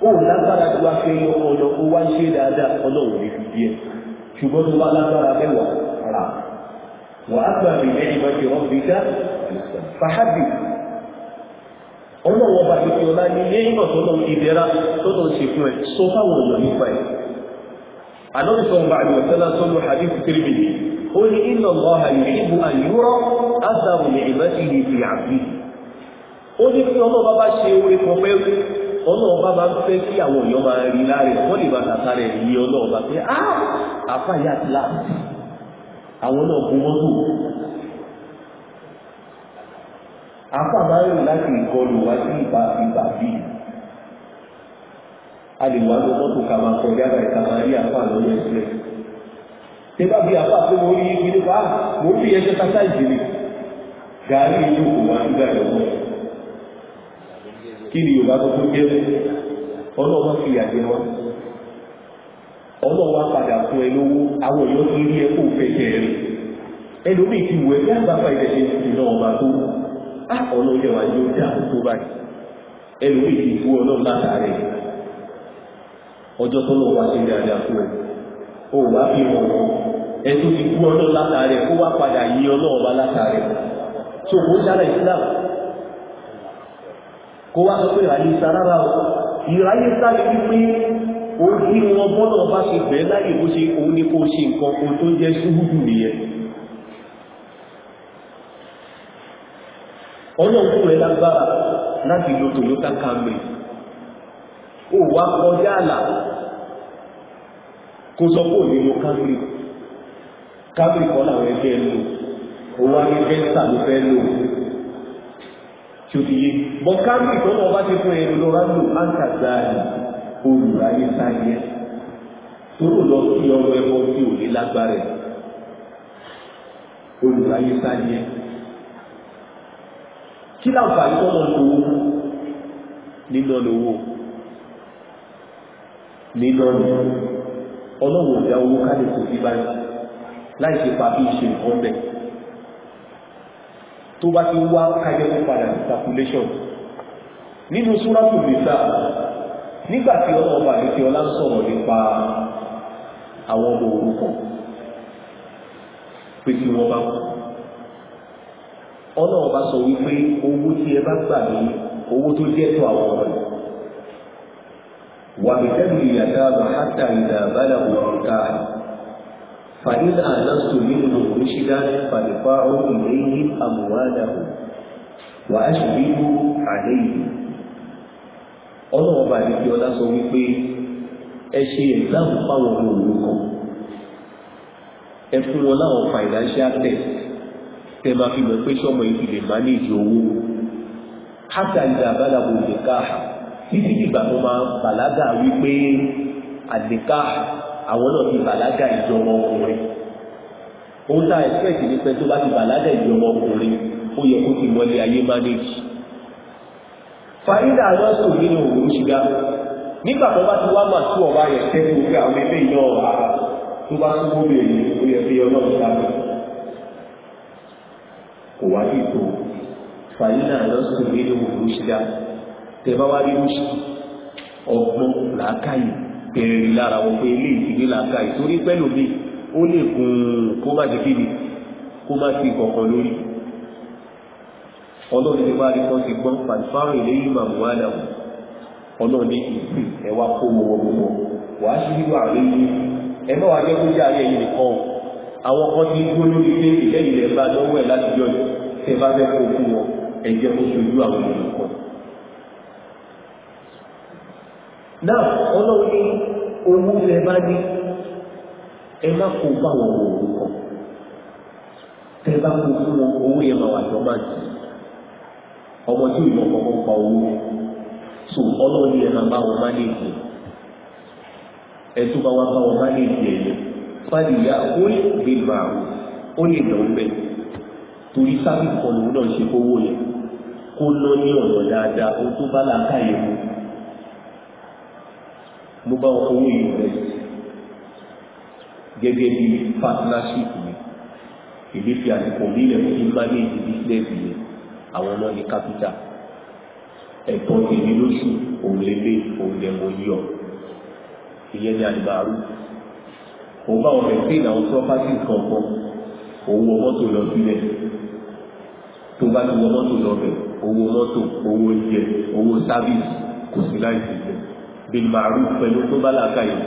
ó lágbára tó wá fẹ́ yọ ọ̀nà ó wá ṣe dáadáa ọlọ́run ní bí ṣùgbọ́n tó wá lágbára mẹ́wàá ọlọ́run ọba ìpè ọlá ní lẹ́yìnbọ̀ tó lọ ìdẹ́ra tó lọ ṣe fún ẹ sọ fáwọn èèyàn nípa ẹ àlọ́run sọ ọba àbí ọ̀sẹ́lá sọ́nù hadith kiribi ó àfàbáyò láti ìkọlù wá sí ìbá ìbá a lè wá lọ mọ́tò kà máa kọjá báyìí kà máa rí àfà lọ́yẹ̀ afọ nígbà bí àfà pé mo rí ibi nípa mo rí ẹjọ́ tata ìdílé gàárì inú kò wá nígbà ìrọ̀mọ́ kí ni Yorùbá jẹ́ ọlọ́wọ́ fi àjẹ ọlọ́wọ́ padà fún ẹ lówó àwọn èèyàn tó rí ẹ kó jẹ́ tó ọ̀nà orí ọ̀wà yóò dá àkókò báyìí ẹnu rí ìdí fún ọlọ́run látàrí ọjọ́ tó lọ wá sí dáadáa fún ẹ o wá fi hàn wọn ẹnu ti fún ọlọ́run látàrí kó wá padà yí ọlọ́run bá látàrí tó kó sára ìsìláàmù kó wá sọ pé ìráyé sárára o ìráyé sáré wípé ó ní wọn bọ́lọ̀ bá ṣe bẹ́ẹ̀ láyè bó ṣe òun ni kó ṣe nǹkan ohun tó jẹ́ súhùdù nìyẹn ọlọ́run fún ẹ lágbára láti lo toyota camry ó wá kọjá àlà kó sọ pé òní lo camry camry kọ́ làwọn ẹgbẹ́ lò ó wá ní delta ló fẹ́ lò tí ó ti yé bọ́ camry tó lọ́ọ́ bá ti fún ẹ lọ́ra lò áńkà gbáàlì olùráyé sáyẹ tóró lọ sí ọrọ̀ ẹbọ tí ò ní lágbára olùráyé sáyẹ kí láǹfààní tó mọ̀ lówó níná lówó níná lówó ọlọ́wọ́ ìdá owó káde kò fi báyìí láì ṣe pa bí ṣe nǹkan bẹ̀ tó bá ti wá kájẹ́ tó padà ní calculation nínú súrátù nìta nígbà tí ọlọ́ọ̀bà ní fi ọlá ń sọ̀rọ̀ nípa àwọn ọmọ òrukàn pé kí wọ́n bá kú ọlọ́run bá sọ wípé owó tí ẹ bá gbà ní owó tó jẹ́ tó àwọn ọmọ yìí wà bìtẹ́lù ìyàtà bàtà ìdá àbálà òkúta fàílà àlọ́sọ nínú òṣìṣẹ́ fàlùfà òkú lẹ́yìn àmúwádà ò wà á sì rí mú ọlọ́run bá ní kí ọlá sọ wípé ẹ ṣe fáwọn ọmọ òun kan ẹ fún wọn láwọn tẹ máa fi mọ̀ pé sọ́mọ yìí ti lè mánéjì owó hátà ìdá àbálàbò nìka títí ìgbà tó máa bàlágà wípé àdìka àwọn náà ti bàlágà ìjọba ọkùnrin òun tá ẹ̀fẹ́ẹ̀tì ní pẹ́ tó bá ti bàlágà ìjọba ọkùnrin ó yẹ kó ti mọ́lé ayé mánéjì fàyídà lọ́sọ̀ nínú òun ṣìgá nígbà tó bá ti wá mà tó ọba yẹ tẹ́lẹ̀ òfin àwọn ẹgbẹ́ ìyá ọ̀rá tó bá tún gómìnà ó yẹ fi ọlọ́run dábẹ́ kò wá bí tó fàyínà lọ́sùn nínú rúṣídà tẹ́bá wá rí rúṣí ọgbọ́n làákàyè bẹ̀rẹ̀ lára wọn pé ilé ìdílé làákàyè torí pẹ́lú mi ó lè gun kó má ti kí ni kó má ti kọ̀ọ̀kan lórí ọlọ́run ti wá rí kan ti gbọ́n pàṣípààrọ̀ ilé yìí màmú àdàmù ọlọ́run ní ìsìn ẹ̀wá kó wọ́wọ́ gbogbo wàá sí wíwá àárín yìí ẹ má wàá jẹ́ kó jẹ́ ayé yìí nìkan àwọn kan ti gbó lórí ilé ìlẹ́yìn lẹ́ bá lọ́wọ́ ẹ̀ láti yọ̀yọ̀ tẹ bá fẹ́ kó fún wọn ẹ̀jẹ̀ kó sojú àwọn ènìyàn kan. náà ọlọ́run ní owó lẹ bá ní ẹ má kó bá wọn wò ó kọ tẹ bá kó fún wọn owó yẹn máa wà tó máa jì ọmọ tí ìmọ̀ kọ̀ọ̀kan pa owó so ọlọ́run ní ẹ máa bá wọn má lè gbé ẹ tó bá wá bá wọn má lè gbé ẹ lọ fàdíyà ó lè gbé màá ó lè lọ bẹ́ẹ̀ torí sábìsì kan lòun náà ṣe fowó yẹn kó ná ní ọ̀nà dáadáa ohun tó bá làákà yẹn mu mo bá wọn owó invest gẹ́gẹ́ bí partnership mi èmi fi àsìkò nílẹ̀ fún manage business yẹn àwọn náà ní capital ẹ̀tọ́ tèmi lóṣù òun lè lé òun lè mọ yí ọ ìyẹn ní àdìbàrú òun bá wọn fẹ́ sí ìnáwó property kankan òun wọ mọ́tò lọ sílẹ̀. tó bá ti wọ mọ́tò lọ́bẹ̀ owó mọ́tò owó oúnjẹ owó sábìsì kò sí láì sí jẹ bíi màrú pẹ̀lú tó bá làákà yìí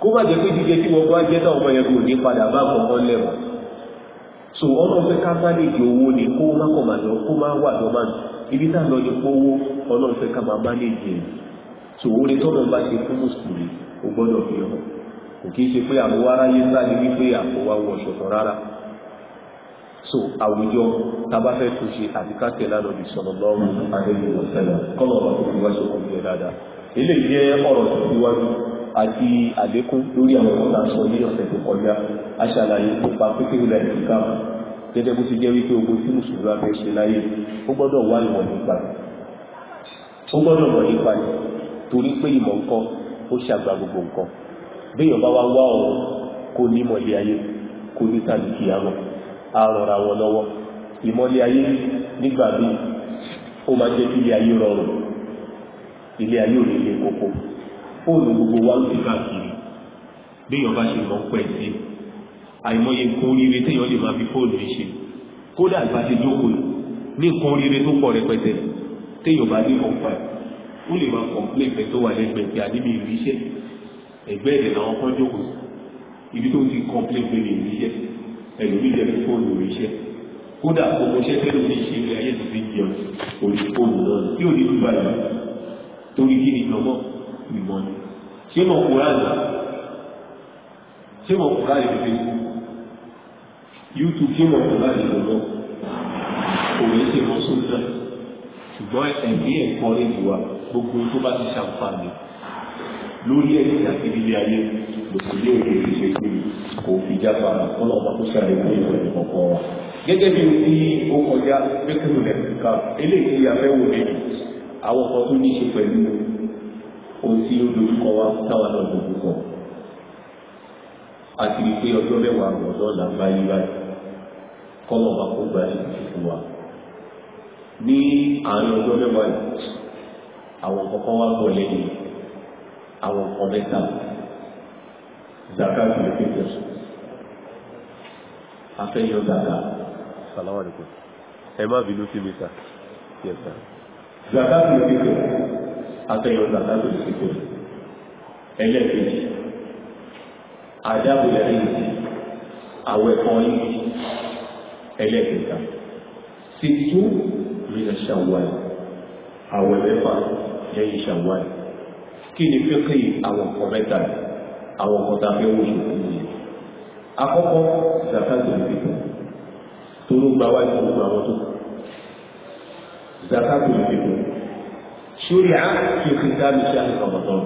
kó má jẹ́ pé jíjẹ tí wọ́n bá jẹ́ ọmọ yẹn ní padà bá kọ̀ọ̀kan lẹ́wọ̀n so ọmọ fẹ́ ká lè jẹ owó ni kó má ibi tá à lọ ọlọ́run fẹ́ so tọ́nà bá ṣe fún mùsùlùmí gbọ́dọ̀ fi hàn kò kí ń ṣe pé àwọn aráyé wípé àpò so àwùjọ tàbá fẹ́ tó ṣe àdìkátẹ̀ lánàá lè sọ̀rọ̀ lọ́rùn àdéhùn ọ̀sẹ̀lẹ̀ kọ́lọ̀ ọ̀rọ̀ tó wá dáadáa eléyìí jẹ́ ọ̀rọ̀ tó fi wájú àti àlékún lórí àwọn ọ̀rọ̀ a sọ ní ọ̀sẹ̀ tó kọjá aṣàlàyé nípa pípéwò láì fi gẹ́gẹ́ bó ti jẹ́ wípé ogun tí mùsùlùmí afẹ́ ṣe láyé ó gbọ́dọ̀ wá ìmọ̀ torí á rọra wọn lọ́wọ́ ìmọ́lé ayé nígbà ó máa jẹ́ ilé ayé rọrùn ilé ayé ò kókó fóònù gbogbo wa ń fi káàkiri bí èèyàn bá ṣe mọ̀ pẹ̀ sí àìmọye nǹkan oríire téèyàn lè máa fi fóònù yìí ṣe kódà ìbá ti jókòó ní nǹkan oríire tó pọ̀ rẹpẹtẹ téèyàn bá ní ọ̀pá ó lè máa kọ̀ǹpléè fẹ́ tó wà lẹ́gbẹ̀ẹ́ pé àdébí ìlú iṣẹ́ ẹgbẹ́ ẹ̀dẹ̀ làwọn kan jókòó ibi tó ti kọ̀ǹpléè fẹ́ lè ní ẹlòmíì jẹ fún fóònù oríṣẹ́ kódà gbogbo iṣẹ́ tẹ́lẹ̀ omi ṣe ilé ayé ti fi jẹun orí fóònù náà tí ò ní fi balẹ̀ torí kí ni jọmọ́ ìmọ̀ ni ṣé mọ̀ kúránì ṣé mọ̀ kúránì fi Facebook YouTube ṣé mọ̀ kúránì lọ́wọ́ òun ṣe mọ̀ sódà ṣùgbọ́n ẹ̀mí ẹ̀kọ́ rẹ̀ wà gbogbo tó bá ti ṣàǹfààní lórí ẹ̀sìn àti ilé ayé mùsùlùmí òde ìṣe pé kò fi jáfa kọ́nà ọba tó ṣàlẹ̀kùn ìwà ẹ̀dùn kọ̀ọ̀kan wa. gẹ́gẹ́ bí ti ó kọjá pékèrò lẹ́kìkà eléyìí afẹ́wò ni àwọn kan tó ní ṣe pẹ̀lú ohun tí ó dojúkọ wa táwọn náà dojúkọ. àti pé ọjọ́ mẹ́wàá ọ̀dọ́ là ń bá yí báyìí kọ́nà ọba kó gba ẹ̀sìn fún wa. ní àwọn nǹkan mẹ́ta zakat lè fi jẹ afẹ́yọ zakat. salamu alaykum ẹ má bínú sí mi sá yẹ sá. zakat lè fi jẹ afẹ́yọ zakat lè fi jẹ ẹlẹ́kejì adáwò yẹn ní àwọn ẹ̀kọ́ yìí ẹlẹ́kẹta sítú mi ní ṣàwáyé àwọn ẹ̀mẹ́fà lẹ́yìn ṣàwáyé kí ni fíkì àwọn nǹkan mẹ́ta àwọn nǹkan tá a fẹ́ wò ṣòwò yìí àkọ́kọ́ zakatu ìdìbò toró gba wájú gbogbo àwọn tó zakatu ìdìbò sórí à fi kíkà mi ṣe àti Ramadan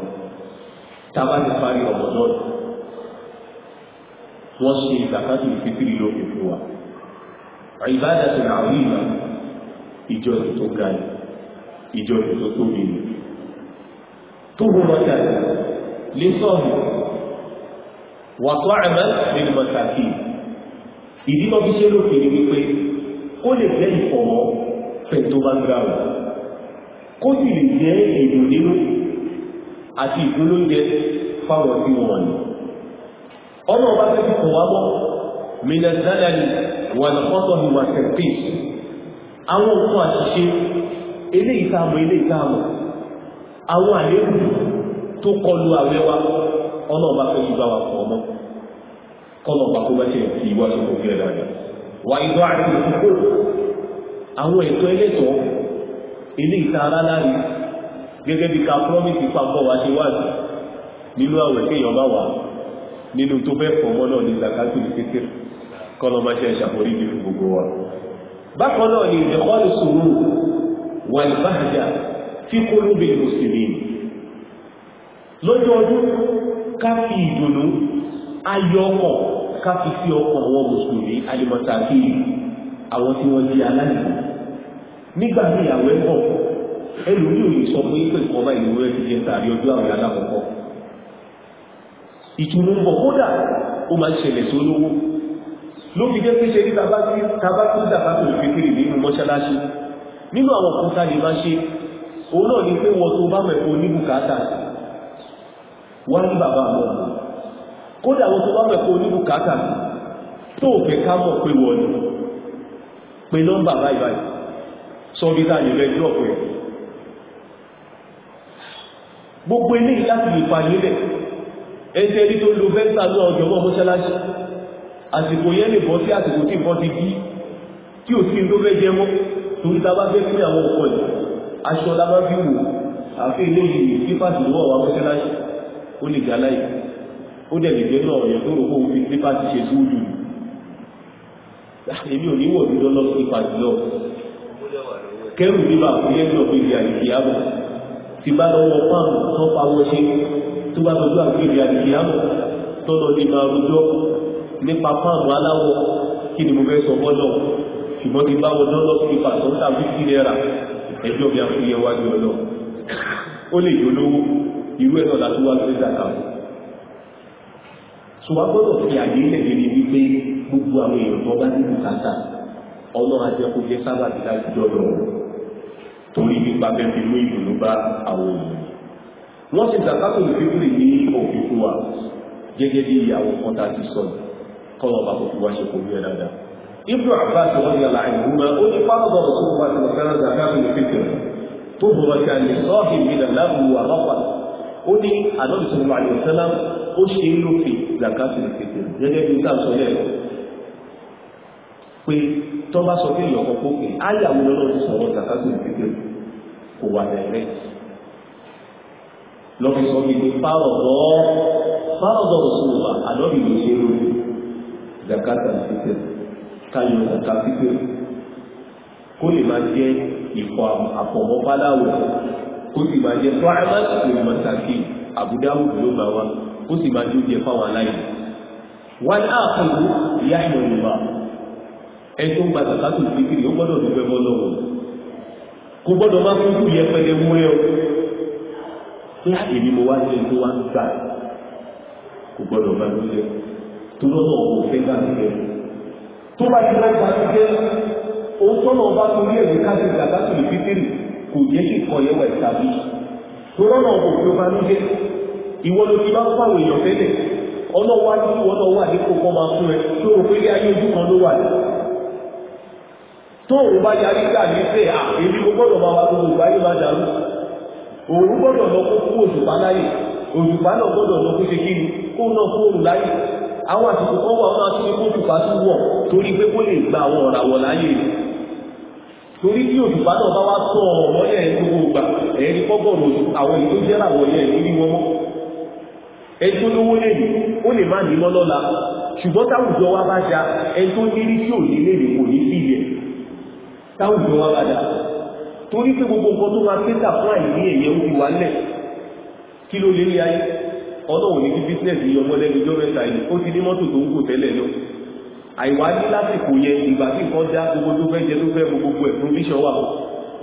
tábà ti parí Ramadan wọ́n ṣe zakatu ìfipiri lókè fún wa ìbádàtò àwọn ìmọ̀ ìjọ tó ga ìjọ tó tóbi ni tuhumata lisọ́ọ̀nù wàtọ́ àmà nínú mọ̀tàkì ìdí mọ́ fi ṣe lókè ní wípé ó lè jẹ́ ìfọ̀mọ́ fẹ̀ tó bá gbà wọ́n kó sì lè jẹ́ èdò nínú àti ìdúlóúnjẹ fáwọn tí wọ́n ní ọ̀nà ọba fẹ́ fi kàn wá mọ́ mìnàdánàlì wà lọ́pọ̀tọ̀lù wà tẹ̀pẹ́ àwọn òkú àṣìṣe eléyìí tá eléyìí tá àwọn àléébù tó kọlu àwẹ̀ wa ọba fẹ́ bá wa pọ̀ ọmọ kọlọ̀ọ̀bá kó bá ṣe fi ìwà ṣòfò fi ẹ̀dá rẹ̀ wà ìdọ́ àti àwọn ètò ilé gẹ́gẹ́ bí ká promise wá ṣe wáàdì nínú àwẹ̀ kéèyàn bá wà nínú tó fẹ́ náà ní zakatu kékeré ṣe ṣàforí fún gbogbo wa bákan náà fi qulubi muslimin lójú ọdún ká fi ìdùnnú ayọ̀ ọkàn ká fi sí ọkàn àwọn mùsùlùmí alimọ̀tàkìrì àwọn tí wọ́n di aláìsàn nígbà tí ìyàwó ẹ̀ bọ̀ ẹlòmíì ò lè sọ pé pé nǹkan bá ìlú rẹ̀ ti jẹ tàbí ọjọ́ àwọn alákọ̀ọ́kọ́ ìtùnú ń bọ̀ kódà ó máa ń ṣẹlẹ̀ tó lówó ló fi jẹ́ pé ní tabakú dàbàtò ìfikiri nínú mọ́ṣáláṣí nínú àwọn òkúta ni máa ṣe òun náà ni pé wọn tó bá mẹ́kọ̀ọ́ ní bùkátà wá ní bàbá mọ́ kódà wọn tó bá mẹ́kọ̀ọ́ ní bùkátà tó fẹ́ ká mọ̀ pé wọ́n ni pé nọ́mbà báyìí báyìí sọ bí tá a lè lẹ́jọ́ ọ̀pẹ́ gbogbo eléyìí láti lè pa nílẹ̀ ẹsẹ̀ ẹni tó lo vẹ́ńtà náà ọjọ́ mọ́ mọ́ṣáláṣí àsìkò yẹn lè bọ́ sí àsìkò tí nǹkan ti bí tí ò sí ní tó fẹ́ jẹ mọ́ torí ta bá fẹ́ pín àwọn òkọ̀ yìí aṣọ lábábí wò àfi eléyìí sípàsì lọ́wọ́ wa mọ́ṣáláṣí ó lè gà láì ó dẹ̀ lè jẹ́ náà ọ̀yọ́ tó rò kó fi sípàsì ṣe sóòlù ah, èmi ò ní wọ̀ ní lọ́lọ́ sípàsì lọ kẹrù mi máa fi yẹn lọ bíbi àyíké àmọ́ tí bá lọ́wọ́ fáàmù tó pa wọ́n ṣe tó bá lọ́jọ́ àgbègbè àyíké àmọ́ tọ́lọ́ ní máa rojọ́ nípa fáàmù aláwọ̀ kí ni mo fẹ́ sọ mọ́ náà ṣùgbọ́n ti bá wọn lọ́lọ́ sípàsì ó tàbí sí náírà ẹjọ́ bí afúyẹ wájú ọlọ́ ó lè yí olówó irú ẹ̀ náà láti wá lórí dàkà ṣùgbọ́n gbọ́dọ̀ fi àyè lẹ́yìn ní wípé gbogbo àwọn èèyàn tó bá ní bùkátà ọ̀nà àjẹkùjẹ sábà ti láti jọ̀dọ̀ torí nípa bẹ́ẹ̀ fi mú ìdùnnú bá àwọn èèyàn wọ́n ti dàkátò ìfífúrì ní òfin fún wa gẹ́gẹ́ bí ìyàwó kan tá a ti sọ kọ́lọ̀ bá kò fi wá ṣe kò ní ẹ̀ dáadáa ibnu abbas rọ́bì aláìhùmá ó ní fáwọn ọ̀sùn wa ti lọ́kàn zakatu ní fífẹ́ tó bọ̀rọ̀ sí àyè sọ́ọ̀hì ìbílẹ̀ láàbù wà lọ́pàá ó ní àdọ́bì sọ̀rọ̀ àyè sẹ́lá ó ṣe é lófin zakatu ní fífẹ́ gẹ́gẹ́ bí sáà sọ lẹ́ẹ̀kọ́ pé tó bá sọ pé èèyàn kan kókè ayé àwọn olóòtú sọ̀rọ̀ zakatu ní fífẹ́ kò wà lẹ́rẹ́ lọ́fi sọ pé fáwọn ọ̀dọ́ fáwọn ọ̀dọ́ òṣùwà àdọ́bì ló ṣe é lófin zakatu ní fífẹ́ tayọ ọ̀tá pípé kó lè máa jẹ́ ìfọ̀ àfọ̀mọ́páláwọ̀ kó sì máa jẹ́ tọ́hámásì ìmọ̀tàkì àbúdáwò ló máa wá kó sì máa jẹ́ fáwọn aláìní. wọ́n á fún ìyá ìmọ̀ ìmọ̀ ẹni tó ń gba sàkátù síkìrì ó gbọ́dọ̀ dúpẹ́ bọ́ lọ́wọ́ kò gbọ́dọ̀ má fún kú yẹpẹrẹ wúrẹ́ o pé èmi mo wá ṣe tó wá ń gbà kò gbọ́dọ̀ má lóye tó lọ́dọ̀ kò fẹ́ gbà mí lẹ́nu tó bá ti láti wáyé pé ohun tó náà bá torí èmi káṣí ìgbàgbá tó lè fífèrè kò jẹ́ kí nǹkan yẹn wà ìtàbí tó rọ́nà ọ̀gbọ̀n tó bá lóye ìwọ ló ti bá ń fáwọn èèyàn tẹ́lẹ̀ ọlọ́wà ní ìwọ náà wà ní kókó máa fún ẹ tó o pé ayé ojú kan ló wà ní. tó òun bá yarí gbà ní pé à èmi kò gbọ́dọ̀ máa wá gbogbo ìgbà yóò máa dàrú òun gbọ́dọ̀ lọ kó kú òṣùpá láyè òṣùpá náà gbọ́dọ̀ lọ kó ṣe kí kó náà kó òrùn láyè àwọn àsìkò kan wà máa tún ikú òṣùpá tún wọ̀ torí pé kó lè gba àwọn ọ̀ràwọ̀ láàyè torí bí òṣùpá náà bá wá tọ̀ ọ̀rọ̀ yẹn gbogbo gbà ẹ̀ẹ́dì kọ́gọ̀rọ̀ àwọn èyí tó jẹ́ ràwọ̀ yẹn nírí wọn mọ́ ẹni tó lówó lè ní ó lè má ní mọ́ lọ́la ṣùgbọ́n táwùjọ wa bá da ẹni tó nírí tí ò ní lè lè kò ní sí ilẹ̀ táwùjọ wa bá da torí pé gbogbo nǹkan tó máa kéta fún àìní èyẹ ó ọlọ́run ní kí bísínẹ́sì yọ ọmọ lẹ́nu jọ́ mẹ́ta yìí ó ti ní mọ́tò tó ń kò tẹ́lẹ̀ lọ àìwá ní lásìkò yẹn ìgbà tí nǹkan já gbogbo tó fẹ́ jẹ tó fẹ́ gbogbo ẹ̀ fún bíṣọ̀ wà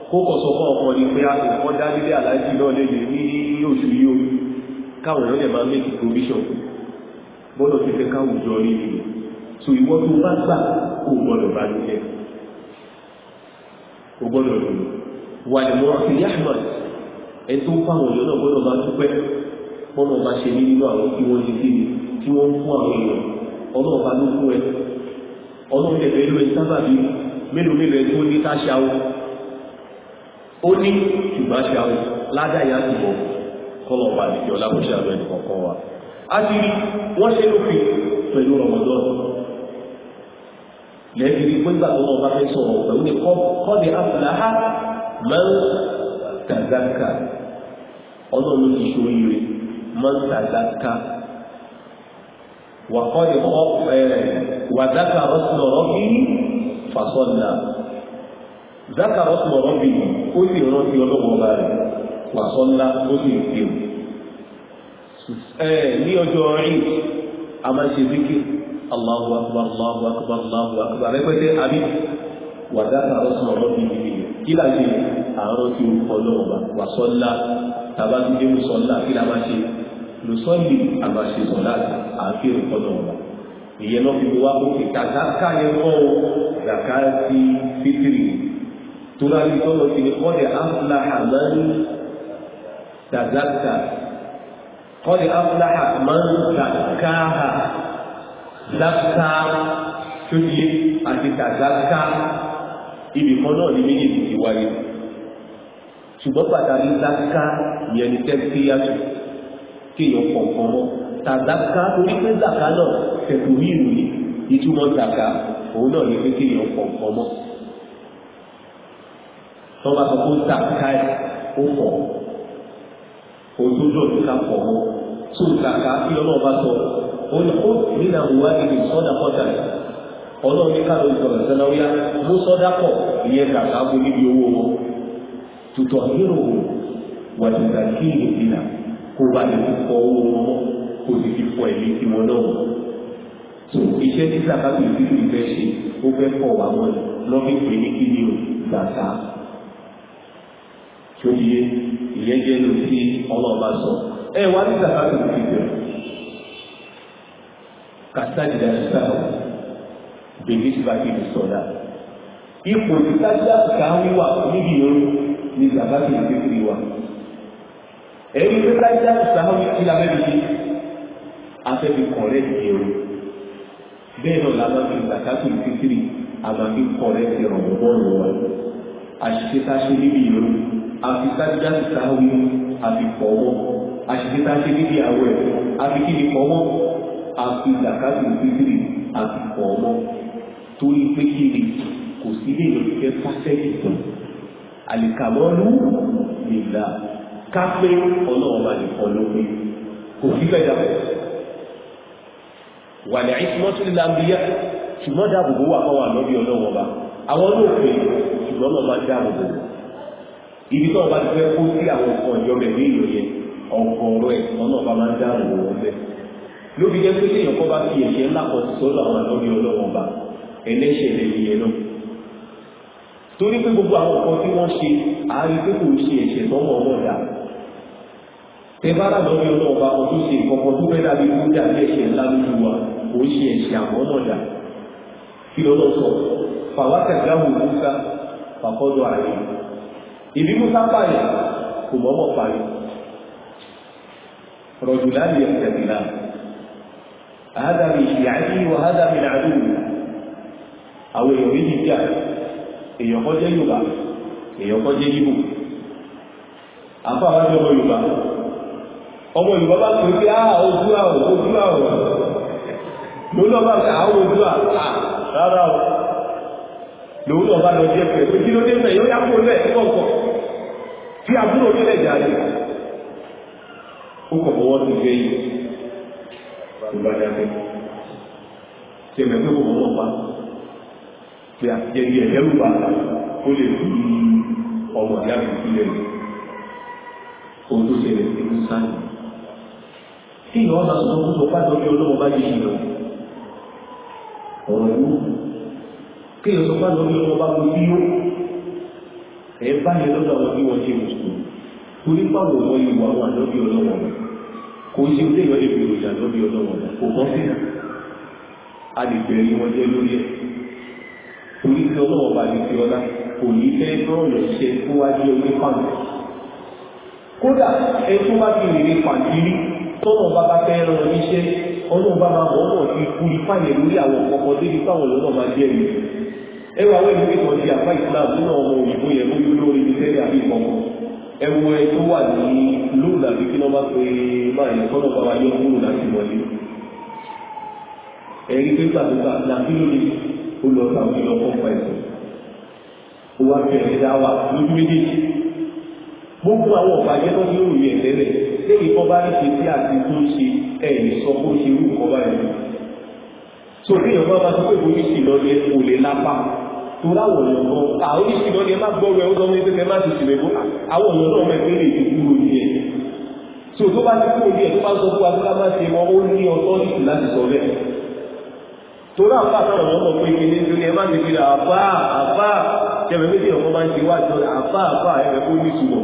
kó kọ̀ sọ fún ọkọ̀ ni pé nǹkan já nílé aláàjì náà lè lè ní oṣù yìí omi káwọn èèyàn lè máa ń méjì provision bọ́dọ̀ ti fẹ́ káwùjọ rí ni so ìwọ tó bá gbà kó gbọ́dọ̀ bá ní ẹ̀ kó gbọ́dọ̀ rí wà ní mọ́ ọ̀sẹ̀ yahmed ẹ̀ tó fáwọn èèyàn náà gbọ́dọ̀ máa dúpẹ́ wọn ọba ṣe ní nínú àwọn tí wọ́n ti sí ni tí wọ́n ń fún àwọn èèyàn ọdụ ló fún ẹ ọlọ́ọ̀tẹ̀fẹ́ ló ẹ sábà bí mélòó mélòó ẹ tó ní ká ṣe ó ní ṣùgbọ́n ládàá yá ti wa ti rí wọ́n ṣe lófin pẹ̀lú lẹ́yìn pé nígbà tó wọn bá fẹ́ sọ̀rọ̀ pẹ̀lú ní máa ń ọlọ́run mọ́tàdáká wàkọ́ni wàdákà rọ́sùlọ̀ rọ́bì fàṣọ́nà dákà rọ́sùlọ̀ rọ́bì ó sì rántí ọlọ́wọ́ bá rẹ̀ fàṣọ́nà ó sì fi ẹ̀ ní ọjọ́ rí a máa ṣe zikir Allahu akbar Allahu akbar Allahu akbar rẹpẹtẹ àbí wàdákà rọ́sùlọ̀ rọ́bì yìí kí láti àárọ̀ tí ó kọ́ lọ́wọ́ bá wàṣọ́nà tàbá ti dé mú sọ́nà kí máa ṣe lùsọ́ọ̀lì àbàṣe sọ̀lá àfi ìrìkọ́nà ọ̀la ìyẹn lọ́ fi wá kó kíkà zaka yẹn kọ́ ọ zaka ti fitiri tura ní tọ́lọ̀ ti ní kọ́ni afla hamani tazaka kọ́ni afla hamani tazakaha zaka tóbi àti tazaka ibi kan náà ní méjèèjì ti wáyé ṣùgbọ́n pàtàkì zaka yẹn ni tẹ́síyàtọ̀ kéèyàn pọ̀ nǹkan mọ́ tàdáká torí pé zàká náà tẹ̀tù rí ìròyìn ìtumọ̀ zàká òun náà ní pé kéèyàn pọ̀ nǹkan mọ́ tó bá sọ pé ó zàká ẹ̀ ó pọ̀ òun tó dùn ní ká pọ̀ mọ́ tó zàká bí ọlọ́run bá sọ ó ní kó nínú àwòrán ìlú sọ́dà kọ́tà rẹ̀ ọlọ́run ní káàdó ìsọ̀rọ̀ sẹ́nà ó yá mú sọ́dà pọ̀ ìyẹn zàká bó níbi owó wọn tutọ̀ hírò wà ìgbà kí ìlú kó bá lè fi fọ owó wọn kó sì fi fọ ẹ̀mí tí wọn náà so iṣẹ́ tí sàkáàtì ìdílé ìfẹ́ ṣe ó fẹ́ fọ̀ wá wọn lọ́bí pé ní kí ni o gbàtà tí ó yẹ ìyẹn jẹ́ ló sí ọlọ́ọ̀bá sọ ẹ wá ní sàkáàtì ìdílé ìfẹ́ kàtàdìdà sáà bèbí tí bàtì ti ipò tí kájà káwí wà níbi ìrún ní sàkáàtì ìdílé wa ẹ̀rí pé káyídá ìsáhùn kí la bẹ́ẹ̀ bí afẹ́bí kọ̀rẹ́ ìdíyẹ o bẹ́ẹ̀ náà lábá fi gbàtàkùn títírì àbàbí kọ̀rẹ́ ti rọ̀bọ̀ bọ́ọ̀lù wa àṣìṣe tá a ṣe níbi ìró àfi káyídá ìsáhùn àfi pọ̀wọ́ àṣìṣe tá a ṣe níbi àwẹ̀ àfi kí ni pọ̀wọ́ àfi gbàtàkùn títírì àfi pọ̀wọ́ torí pé kí ni kò sí lè lọ fẹ́ fásẹ́ẹ̀tì tán àlìkàmọ́lù nígbà ká pé ọlọ́run bá nìkan ló pé kò fi bẹ́ẹ̀ dàbọ̀ wà ní àìsímọ́tò ní làǹbíyá ṣùgbọ́n dáàbò bò wà fáwọn ànábì ọlọ́run ọba àwọn ló pè ṣùgbọ́n lọ́ọ́ máa dáàbò bò ibi tó ọba ti fẹ́ kó sí àwọn nǹkan ìjọ rẹ̀ ní ìròyìn ọ̀gọ̀ọ̀rọ̀ ẹ̀ ọlọ́run ọba máa ń dáàbò bò wọn bẹ́ẹ̀ lóbi jẹ́ pé èèyàn kọ́ bá fi ẹ̀ṣẹ̀ ńlá kan sọ́dọ̀ tẹ bá rà lórí ọlọ́ọ̀ba ojúṣe ìkọ̀kọ̀ tó fẹ́ dàbí kú dàbí ẹ̀ṣẹ̀ ńlá lójú wa kò ń ṣe ẹ̀ṣẹ̀ àmọ́mọ̀dà kí lọ́lọ́ sọ fàwákà dáhùn musa fàkọ́dọ̀ ààrẹ ìbí musa pààyà kò mọ́mọ́ parí rọ̀jùlá lè tẹ̀lá àádàmì ìyáàdì wà àádàmì làádùn àwọn èèyàn méjì bíà èèyàn kọ́ yorùbá èèyàn kọ́ jẹ́ yíbò àfọwájọ́ yorùbá ọmọ ìlú bàbá pè pé á ah, ojú àwọ̀ ojú àwọ̀ lòun náà bá pè á ojú àwọ̀ rárá o lòun náà bá lọ jẹ pé pé kí ló dé bẹ̀ yóò yá kó lẹ̀ ní tí àbúrò mi lẹ̀ jáde ó kọ̀ fọwọ́ ti fẹ́ yìí ló bá dá bẹ́ẹ̀ ṣe mẹ́fẹ́ kò mọ́ pa pé àjẹjẹ ẹ̀rú ó lè fi ọmọ ìyá mi sílẹ̀ ohun tó ṣẹlẹ̀ sí sáyẹn tí ìyọ́ ọ̀nà tó tó pàtó kí olóhùn bá yé ìlú ọ̀rọ̀ ìlú kí ìyọ́ tó pàtó kí olóhùn bá kú bí yó ẹ̀ bá yẹ lọ́dọ̀ àwọn bí wọ́n ṣe mùsùlùmí torí báwo wọ́n yóò wá wọn lọ́bí ọlọ́wọ́n kò sí ilé ìyọ́ lè fi òrìṣà lọ́bí ọlọ́wọ́n kò bọ́ sí a lè bẹ̀rẹ̀ wọn jẹ́ lórí ẹ̀ torí pé ọlọ́wọ́n bá lè fi ọlá kò ní fẹ́ lọ́ọ̀lọ́ ṣe fún wájú orí pàǹtí kódà ẹ tún wá fi rèé pàǹtí rí tọ́lọ̀ bá bá fẹ́ ràn mí ṣe ọlọ́run bá máa mọ̀ọ́mọ̀ fi kú ipá yẹn lórí àwọn ọkọ̀ débi táwọn lọ́nà máa jẹ́ mi. ẹ wọ àwọn ìwé kan di àpá Islam nínú ọmọ òyìnbó yẹn lórí lórí ibi tẹ́lẹ̀ àbí ìmọ̀ ẹ wọ ẹ tó wà ní lóòlù àbí kí wọ́n bá pe máa yẹ tọ́lọ̀ bá máa yọ kúrò láti wọlé. ẹ̀rí pé gbàgbà làbí lórí olùọ̀tà òyìnbó kọ́ńpá ẹ̀sìn ó wá bẹ̀rẹ̀ dáwà lójú méjèèjì gbogbo àwọn ọ̀bàjẹ́ tó ti rò yẹn tẹ́lẹ̀ léyìí kọ́ bá ṣe sí àti tó ṣe ẹ̀yìn sọ bó ṣe wù kọ́ bá yẹn. sórí ìyọ̀nba bá tó pé bóyá sì lọ kò lè lápá tó láwọn èèyàn kan àwọn oníṣìí lọ má gbọ́rọ̀ ẹ̀ ó sọ fún má ti sìnbẹ̀ bó àwọn èèyàn náà mẹ́fẹ́ lè ti kúrò ní ẹ̀. sò tó bá ti kúrò ní ẹ̀ tó bá sọ fún wa tó bá má ṣe wọn ó ní ọtọ́ nìkú láti sọ àtàwọn ọ̀nà ọ̀pọ̀ ìkéde ní ẹ má ti fi àfáà àfáà kẹfẹ́ méjì ọ̀pọ̀ máa ń ti wá àjọ àfáà àfáà ẹ̀fẹ́ kó ní ìtumọ̀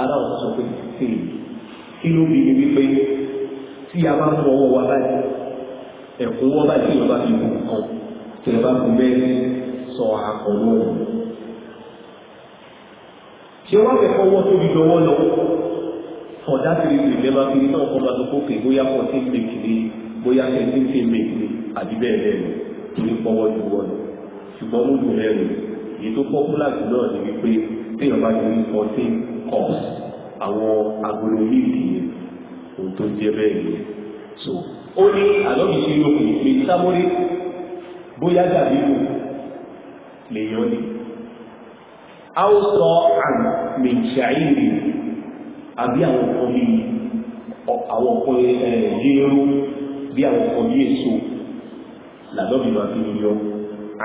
aláwọ̀ sọ pé fèrè kí ló bí ni wípé tí a bá mú ọwọ́ wa báyìí ẹ̀kún wọ́n báyìí tí ìjọba fi mú nǹkan tí ìjọba fi bẹ́ẹ̀ sọ àkọ́wọ́ ṣé wọ́n fẹ́ fọwọ́ tóbi lọ́wọ́ lọ for that reason never feel náà kọ́ máa tó kókè bóyá fourteen make ni bóyá seventeen fee make ni àbí bẹ́ẹ̀ bẹ́ẹ̀ lọ torí fọwọ́ ju wọ́n lọ ṣùgbọ́n ó dùn lẹ́nu èyí tó pọ́pùlà jù náà ni wípé tí ìjọba ti rí fourteen cup àwọn agolo mílì yẹn ohun tó jẹ́ bẹ́ẹ̀ yẹn so ó ní àlọ́bì sí lóko ní sámúrí bóyá dàbí kù lèèyàn ni a ó sọ àmì mèjìáìrì àbí àwọn nǹkan bíi àwọn nǹkan yẹ́rú bí àwọn nǹkan bíi èso làlọ́bì máa fi yọ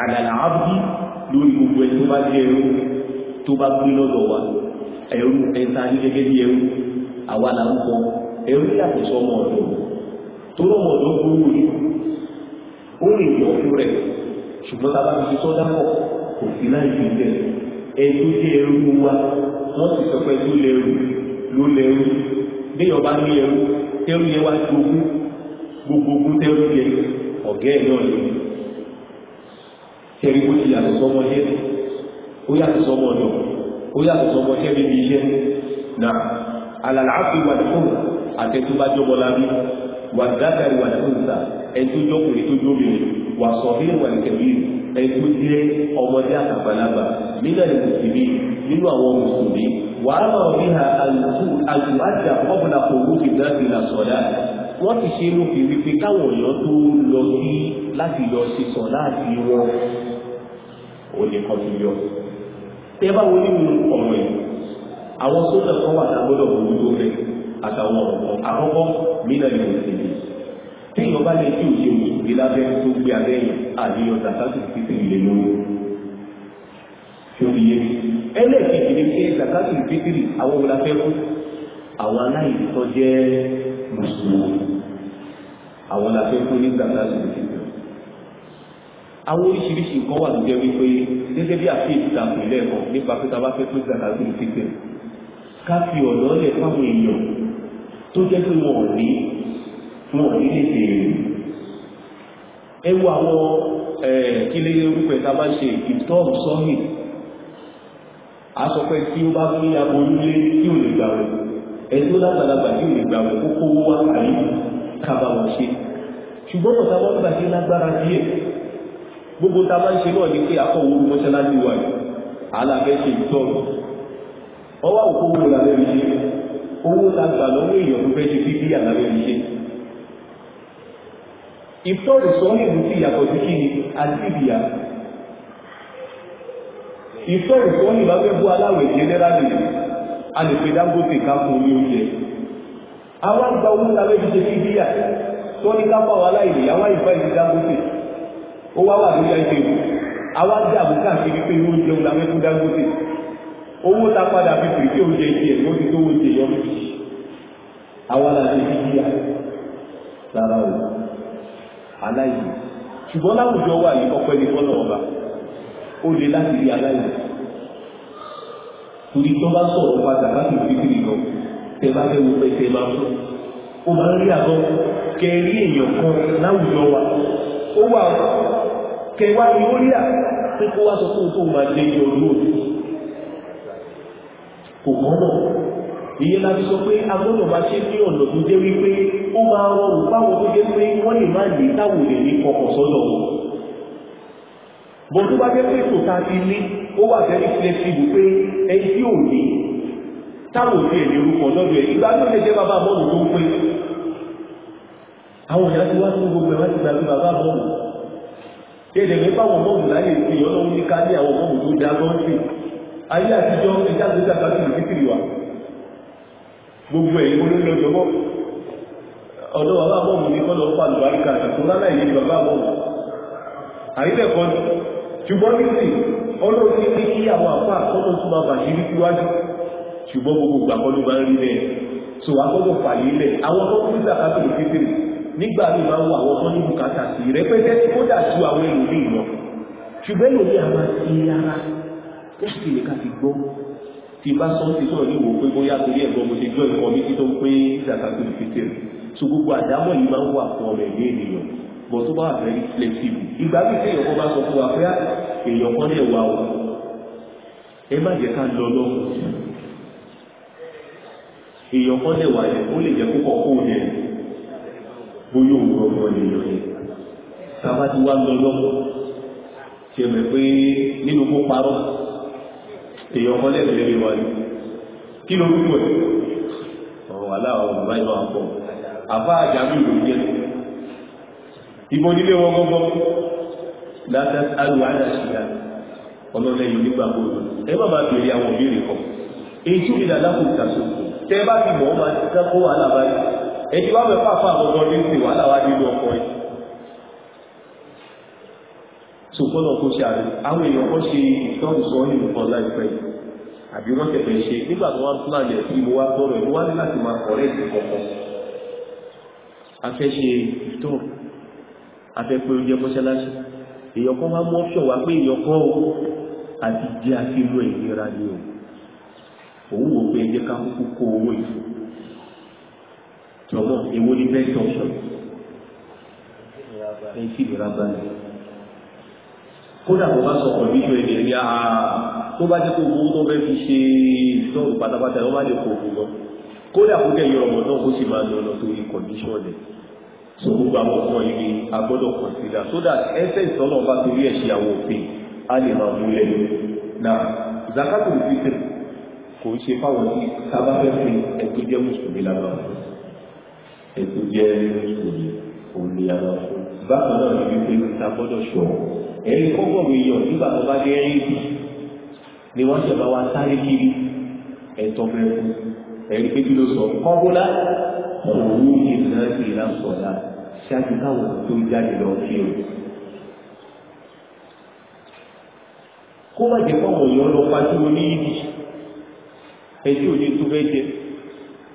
àdàlà ábí lórí gbogbo ẹni tó bá jẹ́ ẹrú tó bá gbé lọ́dọ̀ wa. ẹ̀rù ẹ̀ta ní gẹ́gẹ́ bí ẹrú àwa là ń kọ ẹrú yàtọ̀ sí ọmọ ọ̀dọ́ tó lọ́mọ ọ̀dọ́ ó fún rẹ̀ ṣùgbọ́n dápọ̀ kò sí wa wọ́n sì sọ pé ló ló bá ní ọ tẹ́rú yẹn wá gbogbo gbogbo yẹn ọ̀gẹ́ ẹ̀ náà bó ti yàtọ̀ ó yàtọ̀ sọmọ iṣẹ́ bíbi iṣẹ́ náà alàlàáfù wàdìkùn àtẹ̀túbájọ́ bọ́lábí wàdìdákàrí wàdìkùnsà ẹ̀tújọ́ kùnrin tó jóbìnrin wà sọ̀hìn wàdìkẹ̀bí ẹ̀tújẹ́ ọmọdé àtàgbàlagbà nílẹ̀ mùsùlùmí nínú àwọn mùsùlùmí wàá mọ̀ bí ha àlùmájà kọ́bùnà kòwú ti dáàbì nà sọ̀dá wọ́n ti ṣe inú fi wípé káwọn èèyàn tó lọ sí láti lọ tẹ́ bá wọlé nínú ọ̀rọ̀ yìí àwọn sójà kan wà lágbọ́dọ̀ bòójú tó fẹ́ àtàwọn ọ̀rọ̀ kan àkọ́kọ́ mílíọ̀nù ìrìnsìlẹ̀ téèyàn bá lè tí ò ṣe mùsùlùmí lábẹ́ tó gbé abẹ́yìn àdéhùn zakatu títí ilé lórí lórí yé ẹlẹ́ẹ̀kejì ni pé zakatu ìfitiri àwọn wo la fẹ́ fún àwọn aláìsí jẹ́ mùsùlùmí àwọn la ní zakatu ìfitiri àwọn oríṣiríṣi nǹkan wà lójẹ́ wípé gẹ́gẹ́ bí àfihàn ìta kò lẹ́ẹ̀kan nípa pé tábà fẹ́ pín zaka gbèrú pípẹ́ ká fi ọ̀nà lẹ̀ fáwọn èèyàn tó jẹ́ pé wọn ò ní wọn ò ní lè béèrè ẹ wo àwọn kílé orúkọ ẹ̀ta bá ṣe ìtọ́ọ̀bù sọ́hìn asọ̀pẹ́ tí ó bá fún ya orílẹ̀ tí ò lè gbà wẹ̀ ẹ̀dọ́ lágbàlagbà tí ò lè gbà wẹ̀ kókó wá àyè kábàwọ̀ ṣe ṣùgbọ́n ọ̀tá wọn gbà lágbára díẹ̀ gbogbo tá a máa ń ṣe náà ni pé akọ̀wé mọ́ṣáláṣí wa yìí alábẹ́ ṣe ìtọ́rù ọwọ́ òkú owó làbẹ́ mi ṣe owó ta gbà lọ́wọ́ èèyàn tó fẹ́ ṣe bíbí àlàbẹ́ mi ṣe. ìtọ́rù sọ́ọ́lì mú sí ìyàtọ̀ sí kí ni àdìbìyà ìtọ́rù sọ́ọ́lì bá fẹ́ bú aláwẹ̀ jẹ́nẹ́rálì a lè pe Dangote ká fún ní oúnjẹ. àwọn àgbà owó làbẹ́ mi ṣe bíbí à sọ́ọ́lì ká fáwọn aláìlè àwọn àìfáì ó wá wà lórí àìsè wò àwa jẹ àbùkà kiri pé owó jẹun làwọn ẹkú Dangote owó ta padà fi pèsè oúnjẹ ìdíyẹ ló ti tó oúnjẹ yọ lójú àwa là lè fi rárá o aláìní ṣùgbọ́n láwùjọ wà yìí ọpẹ́ ọba ó lè láti rí aláìní torí tó bá sọ̀rọ̀ padà láti lọ tẹ kẹwàá ni ó rí à pé kó wá sọ fún un tó máa lé ní ọdún òní kò mọ́nà ìyẹn la sọ pé agbọ́dọ̀ máa ṣe ní ọ̀nà tó jẹ́ wípé ó máa rọrùn báwọn tó jẹ́ pé wọ́n lè má lè táwọn lè ní kọkàn sọ́dọ̀ wọn bọ́n tó bá jẹ́ pé kò ta ti ní ó wà fẹ́ ní flexible pé ẹni tí ò ní táwọn òbí ẹ̀ ní orúkọ lọ́dọ̀ ẹ̀ ìgbà tó lè jẹ́ bàbá bọ́ọ̀lù tó ń pè àwọn ìyá tí wọ́n ti ń gbogbo ẹ̀ wọ́n ti gbàgbé bàbá bọ́ọ̀lù kéde ní báwọn mọ́ọ̀mù láyé ti ọlọ́run ní ká ní àwọn mọ́ọ̀mù tó dá gọ́ọ̀sì ayé àtijọ́ ẹja tó dàgbà sí ìdíkìrì wa gbogbo ẹ̀yìn mo ló lọ jọmọ́ ọ̀dọ́ bàbá mọ́ọ̀mù ní kọ́ lọ fà lùbáríkà tó lálẹ́ ìyẹn ní bàbá mọ́ọ̀mù àyílẹ̀ kan ṣùgbọ́n nísì ọlọ́run ní pé kí àwọn àpá àkọ́tọ̀ tó máa bàṣírí síwájú ṣùgbọ́n gbogbo gbàgbọ́ ló máa ń rí bẹ́ẹ̀ so àkọ́tọ̀ fàyè lẹ̀ àwọn tó kú nígbà mi máa ń wọ àwọn ní bùkátà sí rẹpẹtẹ tí kódà ju àwọn ẹlòmíì lọ ṣùgbọ́n ẹlòmíì a máa ara ó sì lè ká fi gbọ́ tí bá sọ ti sọ̀rọ̀ ní ìwò pé bóyá torí ẹ̀gbọ́n mo ṣe jọ ìkọ́ mi tí tó ń pé zakato lè fi tẹ̀ so gbogbo àdámọ̀ yìí máa ń wà fún ọmọ ẹ̀mí ènìyàn bọ̀ tó bá wà very flexible ìgbà mi tí èèyàn kan bá sọ fún wa pé ah, èèyàn kan lè wà o ẹ má jẹ́ ká lọ lọ́wọ́ èèyàn kan lè wà yẹn ó lè jẹ́ kó kọ́ kó yẹn bóyá òun gbọgbọ lèèyàn yẹn sábà ti wá lọ lọ́wọ́ ṣe mẹ́ pé nínú kó parọ́ èèyàn kan lẹ́nu lẹ́nu wa ni kí ló rúkú ẹ̀ ọ̀rọ̀ aláwọ̀ bàbá ìlú àpọ̀ àbá àjàmí ìlú jẹ́ ibo nílé wọn gbọ́gbọ́ dáadáa alùpàá àdàṣìyà ọlọ́lẹ́yìn onígbàgbọ́ ẹ má máa bèèrè àwọn òbí rẹ̀ kọ́ èyí tí ó ní dàdákùn ìtàkùn tẹ́ bá ti mọ̀ ọ́ máa ti dákó wàhálà báyìí èyí wá mẹ́fà fún àwọn ọmọdé ń pè wá láwá nínú ọkọ ẹ̀ ṣùgbọ́nà kó ṣe àrùn àwọn èèyàn kan ṣe ìtọ́jú sọ nínú kan láìpẹ́ yìí àbí wọ́n tẹ̀lé ṣe nígbà tó wọ́n plan ẹ̀ tí mo wá gbọ́rọ̀ ẹ̀ mo wá ní láti máa kọ̀rẹ́ ìdí kankan a fẹ́ ṣe ìtọ́ a fẹ́ pé oúnjẹ mọ́ṣáláṣí èèyàn kan wá mú ọ́ṣọ̀ wá pé èèyàn kan o àti jẹ́ àfihàn ìlera ni o òun wò pé ẹjẹ́ ká kúkú kó owó ìfún jọ̀wọ́ èwo ni best option ẹ fi ìrora balẹ̀ kódà mo bá sọ condition èdè ní a tó bá jẹ́ kó owó tó fẹ́ fi ṣe ìtọ́rù pátápátá wọ́n bá lè kó òfin lọ kódà kó kẹ́ yọ ọmọ náà kó sì máa lọ lọ torí condition rẹ̀ so gbogbo àwọn ọmọ yìí ni a gbọ́dọ̀ consider so that ẹsẹ̀ ìtọ́nà bá torí ẹ̀ ṣe àwọn òfin a lè máa múlẹ̀ na zakatul fitr kò ń ṣe fáwọn tí sábà ètò jẹ́ mùsùlùmí òní ara fún. bákan náà ni wípé ta gbọ́dọ̀ sọ ẹ̀rí kọ́kọ́ mi yọ nígbà tó bá dé ẹ̀rí ni wọ́n ṣẹ̀bá wa sáré kiri ẹ̀tọ́ mẹ́rin ẹ̀rí pé kí ló sọ kọ́kúlá òwú ìlànà ìlànà sọ̀dá ṣáájú káwọn tó jáde lọ kí o. kó má jẹ́ kọ́kọ́ yọ lọ o ní ìdí ẹjọ́ òye tó fẹ́ jẹ́.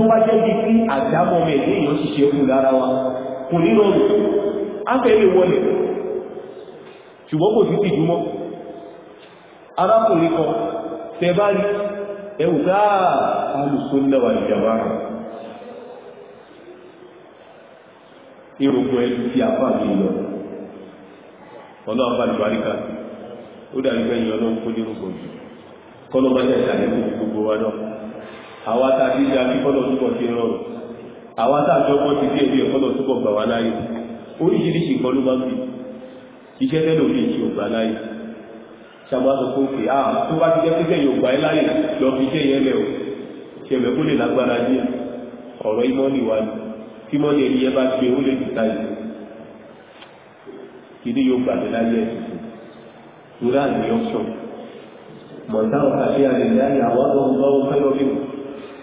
tó wá jẹ́ bí kí àdámọ́ mi ní èèyàn ṣiṣẹ́ kù lára wa kò ní rọrùn afẹ́lẹ̀ wọlé ṣùgbọ́n kò sí ti jùmọ́ arákùnrin kan tẹ bá rí ẹwù gáà alùsùn náà wà ìjàmbá rẹ̀ irùngbọ̀n ẹni tí a fà mí lọ ọlọ́run bá lùbárí ká ó dàbí pé ìyọ́nà ń kó ní irùngbọ̀n jù kọ́lọ́ bá jẹ́ ìtàlẹ́kùn gbogbo wa náà àwa tá a ti ṣe akíkọ́lọ̀ túbọ̀ ti rọrùn àwa tá a jọgbọ́n ti dé ìwé ọ̀kọ́lọ̀ túbọ̀ gbà wá láyé oríṣiríṣi nǹkan ló máa ń bì iṣẹ́ tẹ́lẹ̀ òfin ìṣe ògbà láyé ṣàbáṣọ kó pè á tó bá ti jẹ́ pé kẹ́yìn ògbà láyé lọ fi iṣẹ́ yẹn lẹ̀ o ṣẹlẹ̀ kó lè lágbára díẹ̀ ọ̀rọ̀ ìmọ̀lì wa ni tí mọ́lẹ̀ ẹni yẹn bá gbé ó lè dìta yìí kìíní yóò gbàgbé láyé ẹ̀sìn ìrà àmì ọ̀ṣọ́ àwọn ọ̀gbọ́n fẹ́ lọ́fíìmù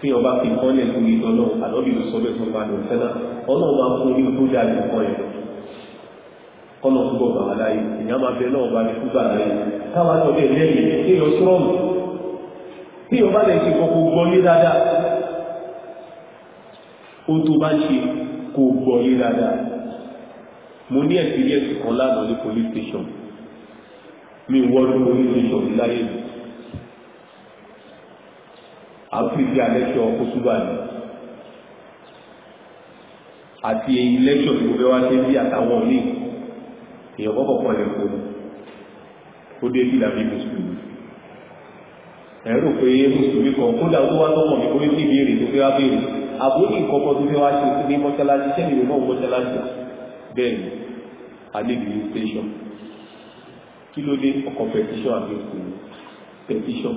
tí ọba fi kọ́ lẹ̀ fún ìtọ́ náà àlọ́bí ló sọ bẹ́ẹ̀ tó bá lọ sẹ́nà ọlọ́run máa fún orí tó dáa lè kọ́ yẹn kọ́nà púpọ̀ bàbá láyé ìyá máa bẹ náà bá ní fúgbà láyé káwá tó lè lẹ́yìn tí yọ sọ́ọ̀mù tí ọba lè ṣe kọ́kọ́ gbọ́ ní dáadáa ó tó bá ṣe kó gbọ́ ní dáadáa mo ní ẹ̀sìn yẹ̀sìn kan lánàá ní police station mi wọ́n ní police station láyé mi à ń fi bí alẹ́ṣọ kóṣùbà ni àti eyín lẹ́ṣọ tó fẹ́ wá sí bí àtàwọn míì èèyàn kọ́kọ́ kan lè kó ó dé bílà bí mùsùlùmí ẹ̀rù pé mùsùlùmí kan kódà ó wá lọ́mọ mi kó ní ìbéèrè tó fẹ́ wá béèrè àbórí nǹkan kan tó fẹ́ wá ṣe ní mọ́ṣáláṣí sẹ́yìn ìwé náà mọ́ṣáláṣí bẹ́ẹ̀ ni alébìrì station kí ló dé ọkọ̀ pẹ̀tíṣọ́ àbí òkú pẹ̀tíṣọ́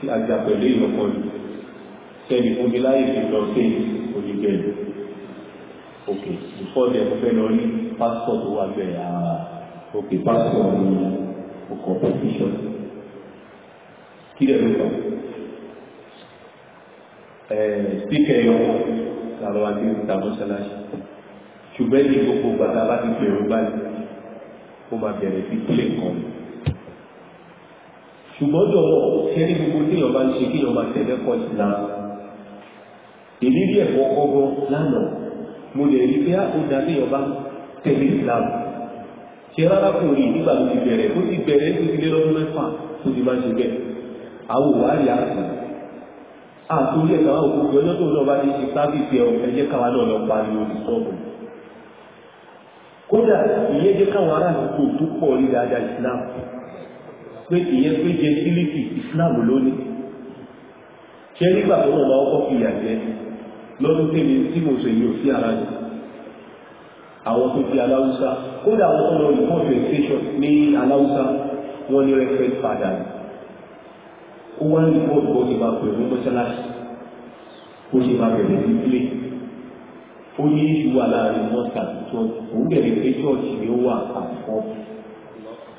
tí a jà pẹ̀lú ìyọ̀pọ̀ yìí sẹ́ni fún mi láyé fi lọ sí oníbẹ̀rẹ̀ ok before then mo fẹ́ lọ rí pásítọ̀ tó wà bẹ́ẹ̀ àà ah, ok pásítọ̀ ní ọkọ̀ pẹ̀tíṣọ̀ kí lè ló kàn ẹ̀ẹ́ spíkẹ̀ eh, yọ làwọn àti ìtàmọ́sálásí ṣùgbọ́n ní gbogbo bàtà láti bẹ̀rù báyìí ó máa bẹ̀rẹ̀ sí kílè kan ṣùgbọ́n jọ̀wọ́ ṣẹ́rí gbogbo téèyàn bá ń ṣe kéèyàn máa tẹ̀lé kọ́ ìsìlámù èmi bí ẹ̀kọ́ ọgbọ́n lánàá mo lè rí bí ah, ó da téèyàn bá tẹ̀lé ìsìlámù ṣe rárá kò rí nígbà tó ti bẹ̀rẹ̀ ó ti bẹ̀rẹ̀ tó ti lé lọ́dún mẹ́fà tó ti máa ṣe bẹ́ẹ̀ àwọn òwò àrí àti àtúndì ẹ̀ka àwọn òkú ọjọ́ tó lọ́ba ti ṣe sábìsì ẹ̀ ẹ̀jẹ̀ káwa náà lọ pariwo ní sọ́ọ̀bù kódà ìyẹn jẹ́ káwọn aráàlú kò tó pọ̀ rí dáadáa ìsìlámù pé ìyẹn pé jẹ sílíkì Islam lónìí ṣé nígbà tó wọn bá kọ́ fi ìyà jẹ lọ́dún tèmi tí mo ṣe yóò sí ara rẹ̀ àwọn tó fi aláwùsá kódà àwọn tó lọ ìkọ́ tẹ̀síṣọ̀ ní aláwùsá wọn ní rẹ́fẹ́ padà ó wá ní bọ́ọ̀dù bọ́ọ̀dù máa pè ní mọ́ṣáláṣí ó ṣe máa bẹ̀rẹ̀ sí ilé ó ní ìṣúwà láàrin mọ́ta tó òun bẹ̀rẹ̀ pé ṣọ́ọ̀ṣì ni ó wà àfọ́ọ̀tì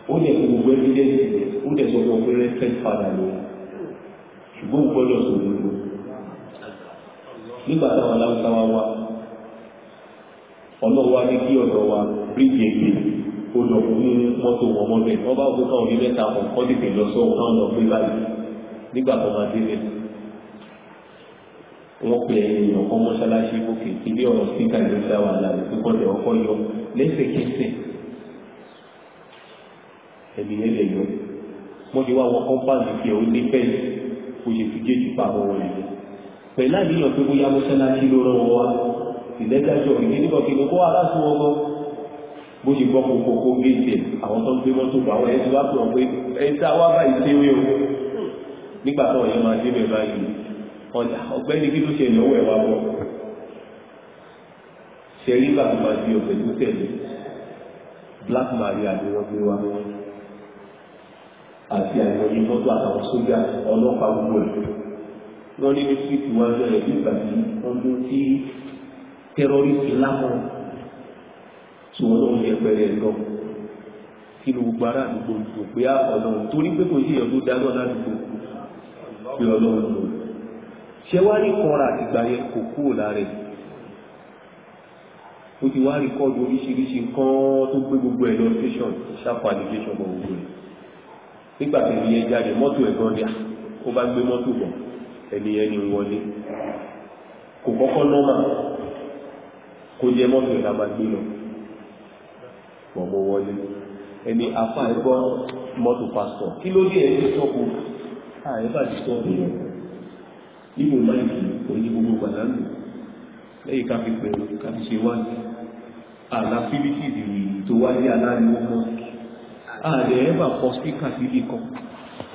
ó dẹ̀ kó gbogbo evidence rẹ̀ ó dẹ̀ sọ fún ọgbẹ́rẹ́ fẹ́ padà lọ ṣùgbọ́n ó gbọ́dọ̀ sọ gbogbo nígbà táwọn aláwùsá wa wá ọlọ́wọ́ ní kí ọ̀dọ̀ wa bíríkì ègbè ó lọ fún mọ́tò wọn mọ́bẹ̀ wọ́n bá gbé káwọn onílẹ̀ ta ọ̀ kọ́ tètè lọ sọ́wọ́ káwọn lọ gbé báyìí nígbà tó máa dé lẹ́nu wọ́n pe èèyàn kan mọ́ṣáláṣí gòkè ilé ọ̀rọ̀ síkà ìlú sáwà láàrin pípọ́n tẹ̀ ọkọ̀ yọ lẹ́sẹ̀kẹsẹ̀ ẹ̀mí yẹn lè yọ wọ́n ti wá wọn kọ́mpáàdì fi ọ̀hún ní bẹ́ẹ̀ kó ṣe fi jẹ́jú pa àwọn wọ̀nyí pẹ̀lú àníyàn pé bóyá mọ́ṣáláṣí ló rán wọn wá ìlẹ́gbẹ́jọ́ ìdíníkọ̀ kí gbogbo aláṣọ wọn gan bó ṣe gbọ́ kókó kó géètì àwọn tó ń gbé mọ́tò bá wọn ẹ̀sùn wá pè wọn pé ẹ̀sà wá báyìí tí ó yẹ o nígbà tó ọ̀yẹ́ máa dé bẹ̀rẹ̀ báyìí ọjà ọ̀gbẹ́ni kí ló ṣe ìnáwó ẹ̀ wá bọ̀ ṣe rí bàbá máa di ọ̀gbẹ́ tó tẹ̀lé Black Maria ni wọ́n gbé wá wọn àti àyọyé lọ́dọ̀ àtàwọn sójà ọlọ́pàá gbogbo ẹ̀. wọ́n ní ní síìtì wá bẹ̀rẹ̀ nígbà tí wọ́n mú tí tẹ́rọ́rìsì lámọ̀ tí wọ́n lọ́wọ́ yẹ pẹ̀lẹ́ lọ. kí ló gbogbo ará àdúgbò tó pé ah, ọ̀nà torí pé kò sí èèyàn tó dáná ládùúgbò pé ọlọ́run lò. ṣé wá rí kọ́ra àtìgbà yẹn kò kúrò lára ẹ̀. ó ti wá rí kọ́ọ̀dù oríṣiríṣi nǹkan tó gbé gbogbo ẹ̀ lọ nígbà tí ìyẹn jáde mọ́tò ẹ̀gbọ́n dí ó bá gbé mọ́tò bọ̀ ẹni ẹni wọlé kò kọ́kọ́ nọ́mà kó jẹ mọ́tò ẹ̀dá máa gbé lọ pọ̀mọ́ wọlé ẹni afá ẹgbọ́ mọ́tò pásítọ̀ kí ló dé ẹni sọ́kù àyẹ́fà ti sọ ní ìbò máìkì òní gbogbo pàdánù lẹ́yìn ká fi pẹ̀lú ká fi ṣe wáyé àlàfíbítì ìdìrí tó wáyé aláàrin ó ààrẹ ẹ̀bà kọ síkà síbi kan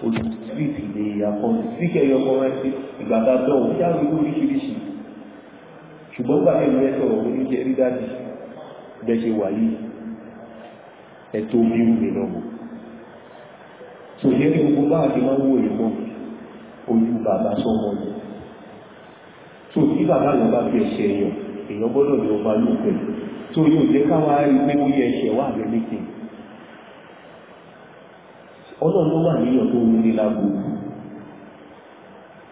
olùsíìtì lè yàpọ̀ síkẹ̀ yọkọ rẹ̀ ìgbàdá dọ̀wọ́ yá rí lóríṣiríṣi ṣùgbọ́n gbà mí rẹ̀ sọ̀rọ̀ oníṣẹ́ rí dájú bẹ́ẹ̀ ṣe wà yìí ẹ̀tọ́ bírú mi lọ́wọ́ sòjẹ́ ní gbogbo bá àti máa ń wò ìmọ̀ ojú bàbá sọmọ ni tó tí bàbá yẹn bá fi ẹ̀ṣẹ̀ yàn èèyàn gbọ́dọ̀ ní ọba lóògbé tó yóò jẹ́ káwá rí pé ó yẹ ẹ̀ṣẹ̀ wà lẹ́mìtì ọlọ́run ló wà níyàn tó ní ní lágbo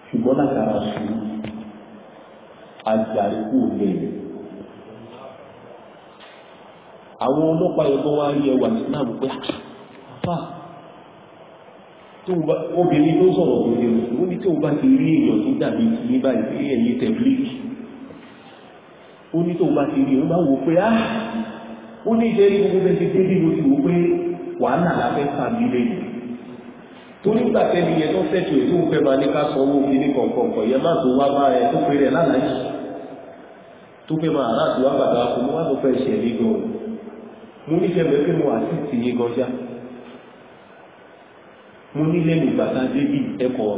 ṣùgbọ́n látara sùn àjàríkù lẹ́yìn àwọn ọlọ́pàá yẹn tó wá rí ẹwà islam pé ah, àfà obìnrin ló sọ̀rọ̀ òde òun ní tí òun bá ti rí èèyàn tó dàbí ní báyìí ẹ̀yìn tẹ̀blíkì ó ní tó bá ti rí òun bá wò pé á ah, ó ní ìṣe ní gbogbo bẹ́ẹ̀ ti dé bí mo ti wò pé wàhálà la fẹ́ fà mí lẹ́yìn torí gbà tẹ́lẹ̀ yẹn tó fẹ́tò ètò òun fẹ́ máa ní ká sọ owó kíní kọ̀ọ̀kọ̀ọ̀kọ̀ yẹn má tó wá bá ẹ tó péré lálàájì tó fẹ́ máa rà tó wá bàtà kó mo wá tó fẹ́ ṣẹ̀ mí gan mo nífẹ̀ẹ́ mẹ́ pé mo àtìtì yín gan já mo nílé mi bàtà débì ẹ̀kọ́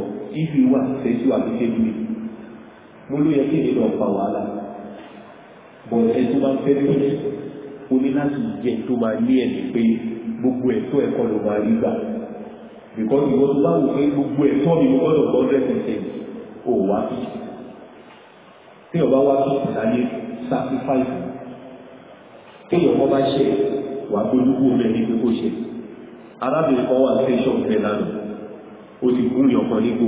ìlú wà fẹ́tù àbíkébí mo ló yẹ kí èmi lọ fa wàhálà bọ̀ ẹ tó bá fẹ́ lóyún o ní láti jẹ tó máa ní ẹ̀mí because ìwọ tó bá wù pé gbogbo ẹ̀tọ́ mi mo gbọ́dọ̀ gbọ́ hundred percent ò wá sí tí ọba wá sí ìdáyé sacrifice kéèyàn kọ́ bá ṣe wà gbójúkú rẹ̀ ní pé kó ṣe arábìnrin kan wà station rẹ̀ lánàá ó ti gún ní ọkàn nígbò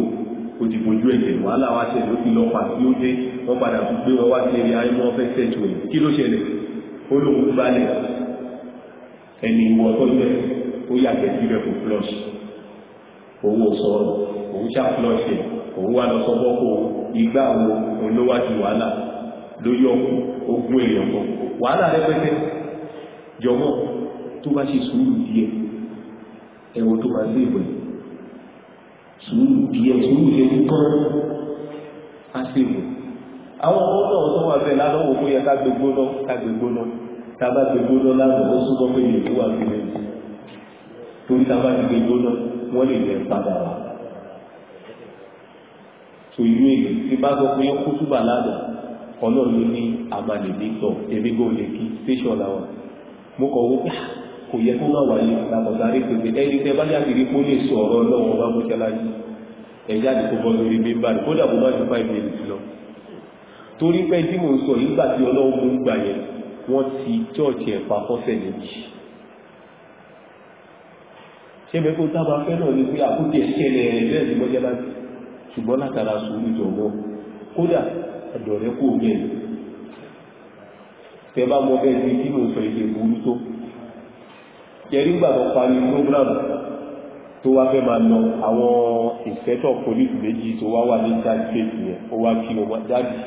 ó ti bójú ẹ̀jẹ̀ wàhálà wá ṣẹlẹ̀ ó ti lọ pa tí ó dé wọ́n padà tún gbé wọn wá sí eré àìmọ́ fẹ́ sẹ́tù ẹ̀ kí ló ṣẹlẹ̀ ó lóun gbalẹ̀ ẹni ìwọ̀ tọ́jú ẹ̀ ó yàgbẹ́ sí rẹ̀ kò flush òun ò sọ̀rọ̀ òun ṣàfúlọ̀ṣẹ̀ òun wá lọ sọ́bọ́ kó igbá wo òun ló wá di wàhálà lórí ọkùn ogún èèyàn kan wàhálà rẹpẹtẹ jọ̀wọ́ tó bá ṣe sùúrù díẹ̀ ẹ̀wọ̀n tó máa lé ìwẹ̀ sùúrù díẹ̀ sùúrù ṣe kú kán á sì wò àwọn ọmọ náà tó wà bẹ́ẹ̀ lálọ́wọ́ kó yẹ ká gbégbó náà ká gbégbó náà tá bá gbégbó náà lánàá ó súnmọ́ pé èèyàn tó wà sílẹ̀ torí tá bá ti náà wọ́n lè lè padà wá. tò ìlú èlò tí bá sọ pé kú túbà ládàá ọlọ́run ló ní àmàlè victor emigo lèkì station làwọn mo kọ̀ wọ́n ah, kò yẹ kó má wáyé làbọ̀dárí pèsè ẹni tẹ bá jáde rí kó lè sọ ọ̀rọ̀ ọlọ́run bá mọ́ṣáláṣí ẹ̀yà àdìpọ̀ bọ́ lórí mẹ́mbà rẹ̀ kódà mo má ju five minutes lọ torí pé tí mo sọ yìí gbà tí ọlọ́run mú gbà yẹn wọ́n ti chọ́ọ̀chì ẹ̀fà fọ́sẹ̀ méjì ṣébẹ̀ kó tábà fẹ́ náà ni pé àkútì ẹ̀kẹ́lẹ̀ rẹ̀ bẹ́ẹ̀ ni mọ́jẹ́ bá ti ṣùgbọ́n látara sùúrù jọ̀wọ́ kódà àdọ̀rẹ́ kò bẹ́ẹ̀ tẹ bá mọ bẹ́ẹ̀ ni kí ló sọ èdè burú tó jẹrí gbàgbọ́ parí program tó wá fẹ́ máa lọ àwọn ìfẹ́tọ̀ pólísì méjì tó wá wà ní dáàdìfẹ́tì yẹn ó wá kí ọmọ dáàdì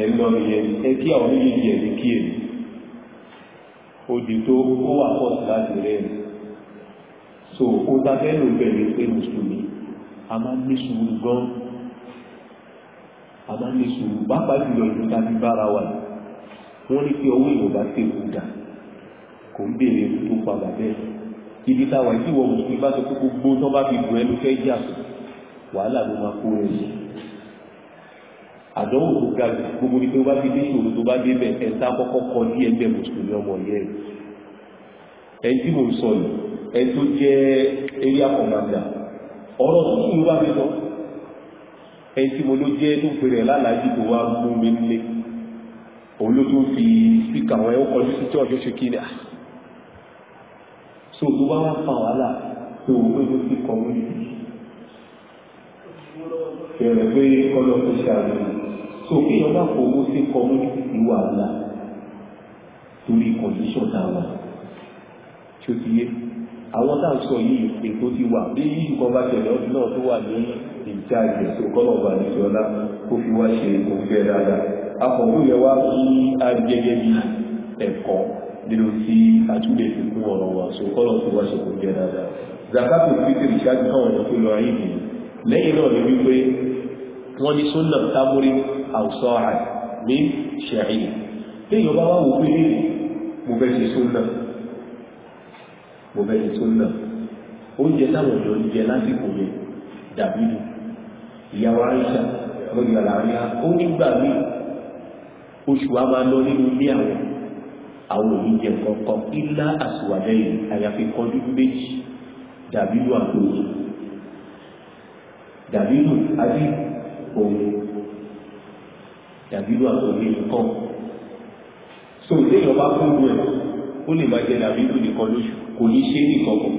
ẹ̀ lọ ìyẹn ẹ kí àwọn méjèèjì ẹ̀ ní kí èmi ó di tó ó wà pọ̀ sí láti rẹ̀ ni so o dábẹ́ ló bẹ̀rẹ̀ pé mùsùlùmí a máa ní sùúrù gan a máa ní sùúrù pápá jùlọ ìlú tàbí bára wà wọ́n ní pé ọwọ́ ìwọ̀nba tè kú dà kò ń béèrè tó padà bẹ́ẹ̀ ibi táwa ìdíwọ̀ mùsùlùmí bá sọ pé gbogbo tó bá fi bù ẹ́ ló fẹ́ jà wàhálà ló máa kó rẹ̀ sí àdánwò tó ga jù gbogbo ní pé ó bá fi dé ìṣòro tó bá dé bẹ̀ ẹ̀ta kọ́kọ́ kọ ní ẹgbẹ́ mùsùlùmí ọmọ yẹn ẹni tí mò ń sọ yìí ẹni tó jẹ́ area commander ọ̀rọ̀ tó kù wá mi lọ ẹni tí mo ló jẹ́ tó pèrè lálàájú tó wá mú mi nílé òun ló tó fi síkà wọn ó kọjú sí church oṣù kí ni à ah! so tó bá wá fa wàhálà tó o pé tó fi community pé kọ́lọ́ tó ṣe so kí ọba kò owó sí community wàhálà torí condition tá a wà tí ó ti yé àwọn tá à ń sọ yìí ètò ti wà bí yíyù kan bá tẹ̀lé ọdún náà tó wà ní ìjà ìgbésò kọ́nà ọba àdìsọ́lá kó fi wá ṣe òfin ẹ̀ dáadáa akọ̀wé yẹn wá kí á gẹ́gẹ́ bí ẹ̀kọ́ nínú tí a tún lè fi kún ọ̀rọ̀ wa so kọ́nà tó wá ṣe òfin ẹ̀ dáadáa zakato fitiri ṣáájú káwọn ọ̀nà tó lọ ayé yìí lẹ́yìn náà ni wípé wọ́n ní sunna tamuri àwùsọ̀ àì ní ṣẹ̀rí téèyàn bá wà wò pé mo mo fẹ́ ṣe sunna oúnjẹ táwọn èèyàn ń jẹ lásìkò yẹn dàbí ni ìyàwó Aisha lórí àlàáfíà ó nígbà míì oṣù wa máa lọ nínú ilé àwọn àwọn òní jẹ kọ̀ọ̀kan ilá àsùwàdẹ́yìn àyàfi kan dúdú méjì dàbí lu àgbòyìn dàbí lu àbí òun dàbí lu àgbòyìn nìkan so léèyàn bá fún un ẹ ó lè má jẹ dàbí lu nìkan lóṣù kò ní ṣe ní kọ̀kọ̀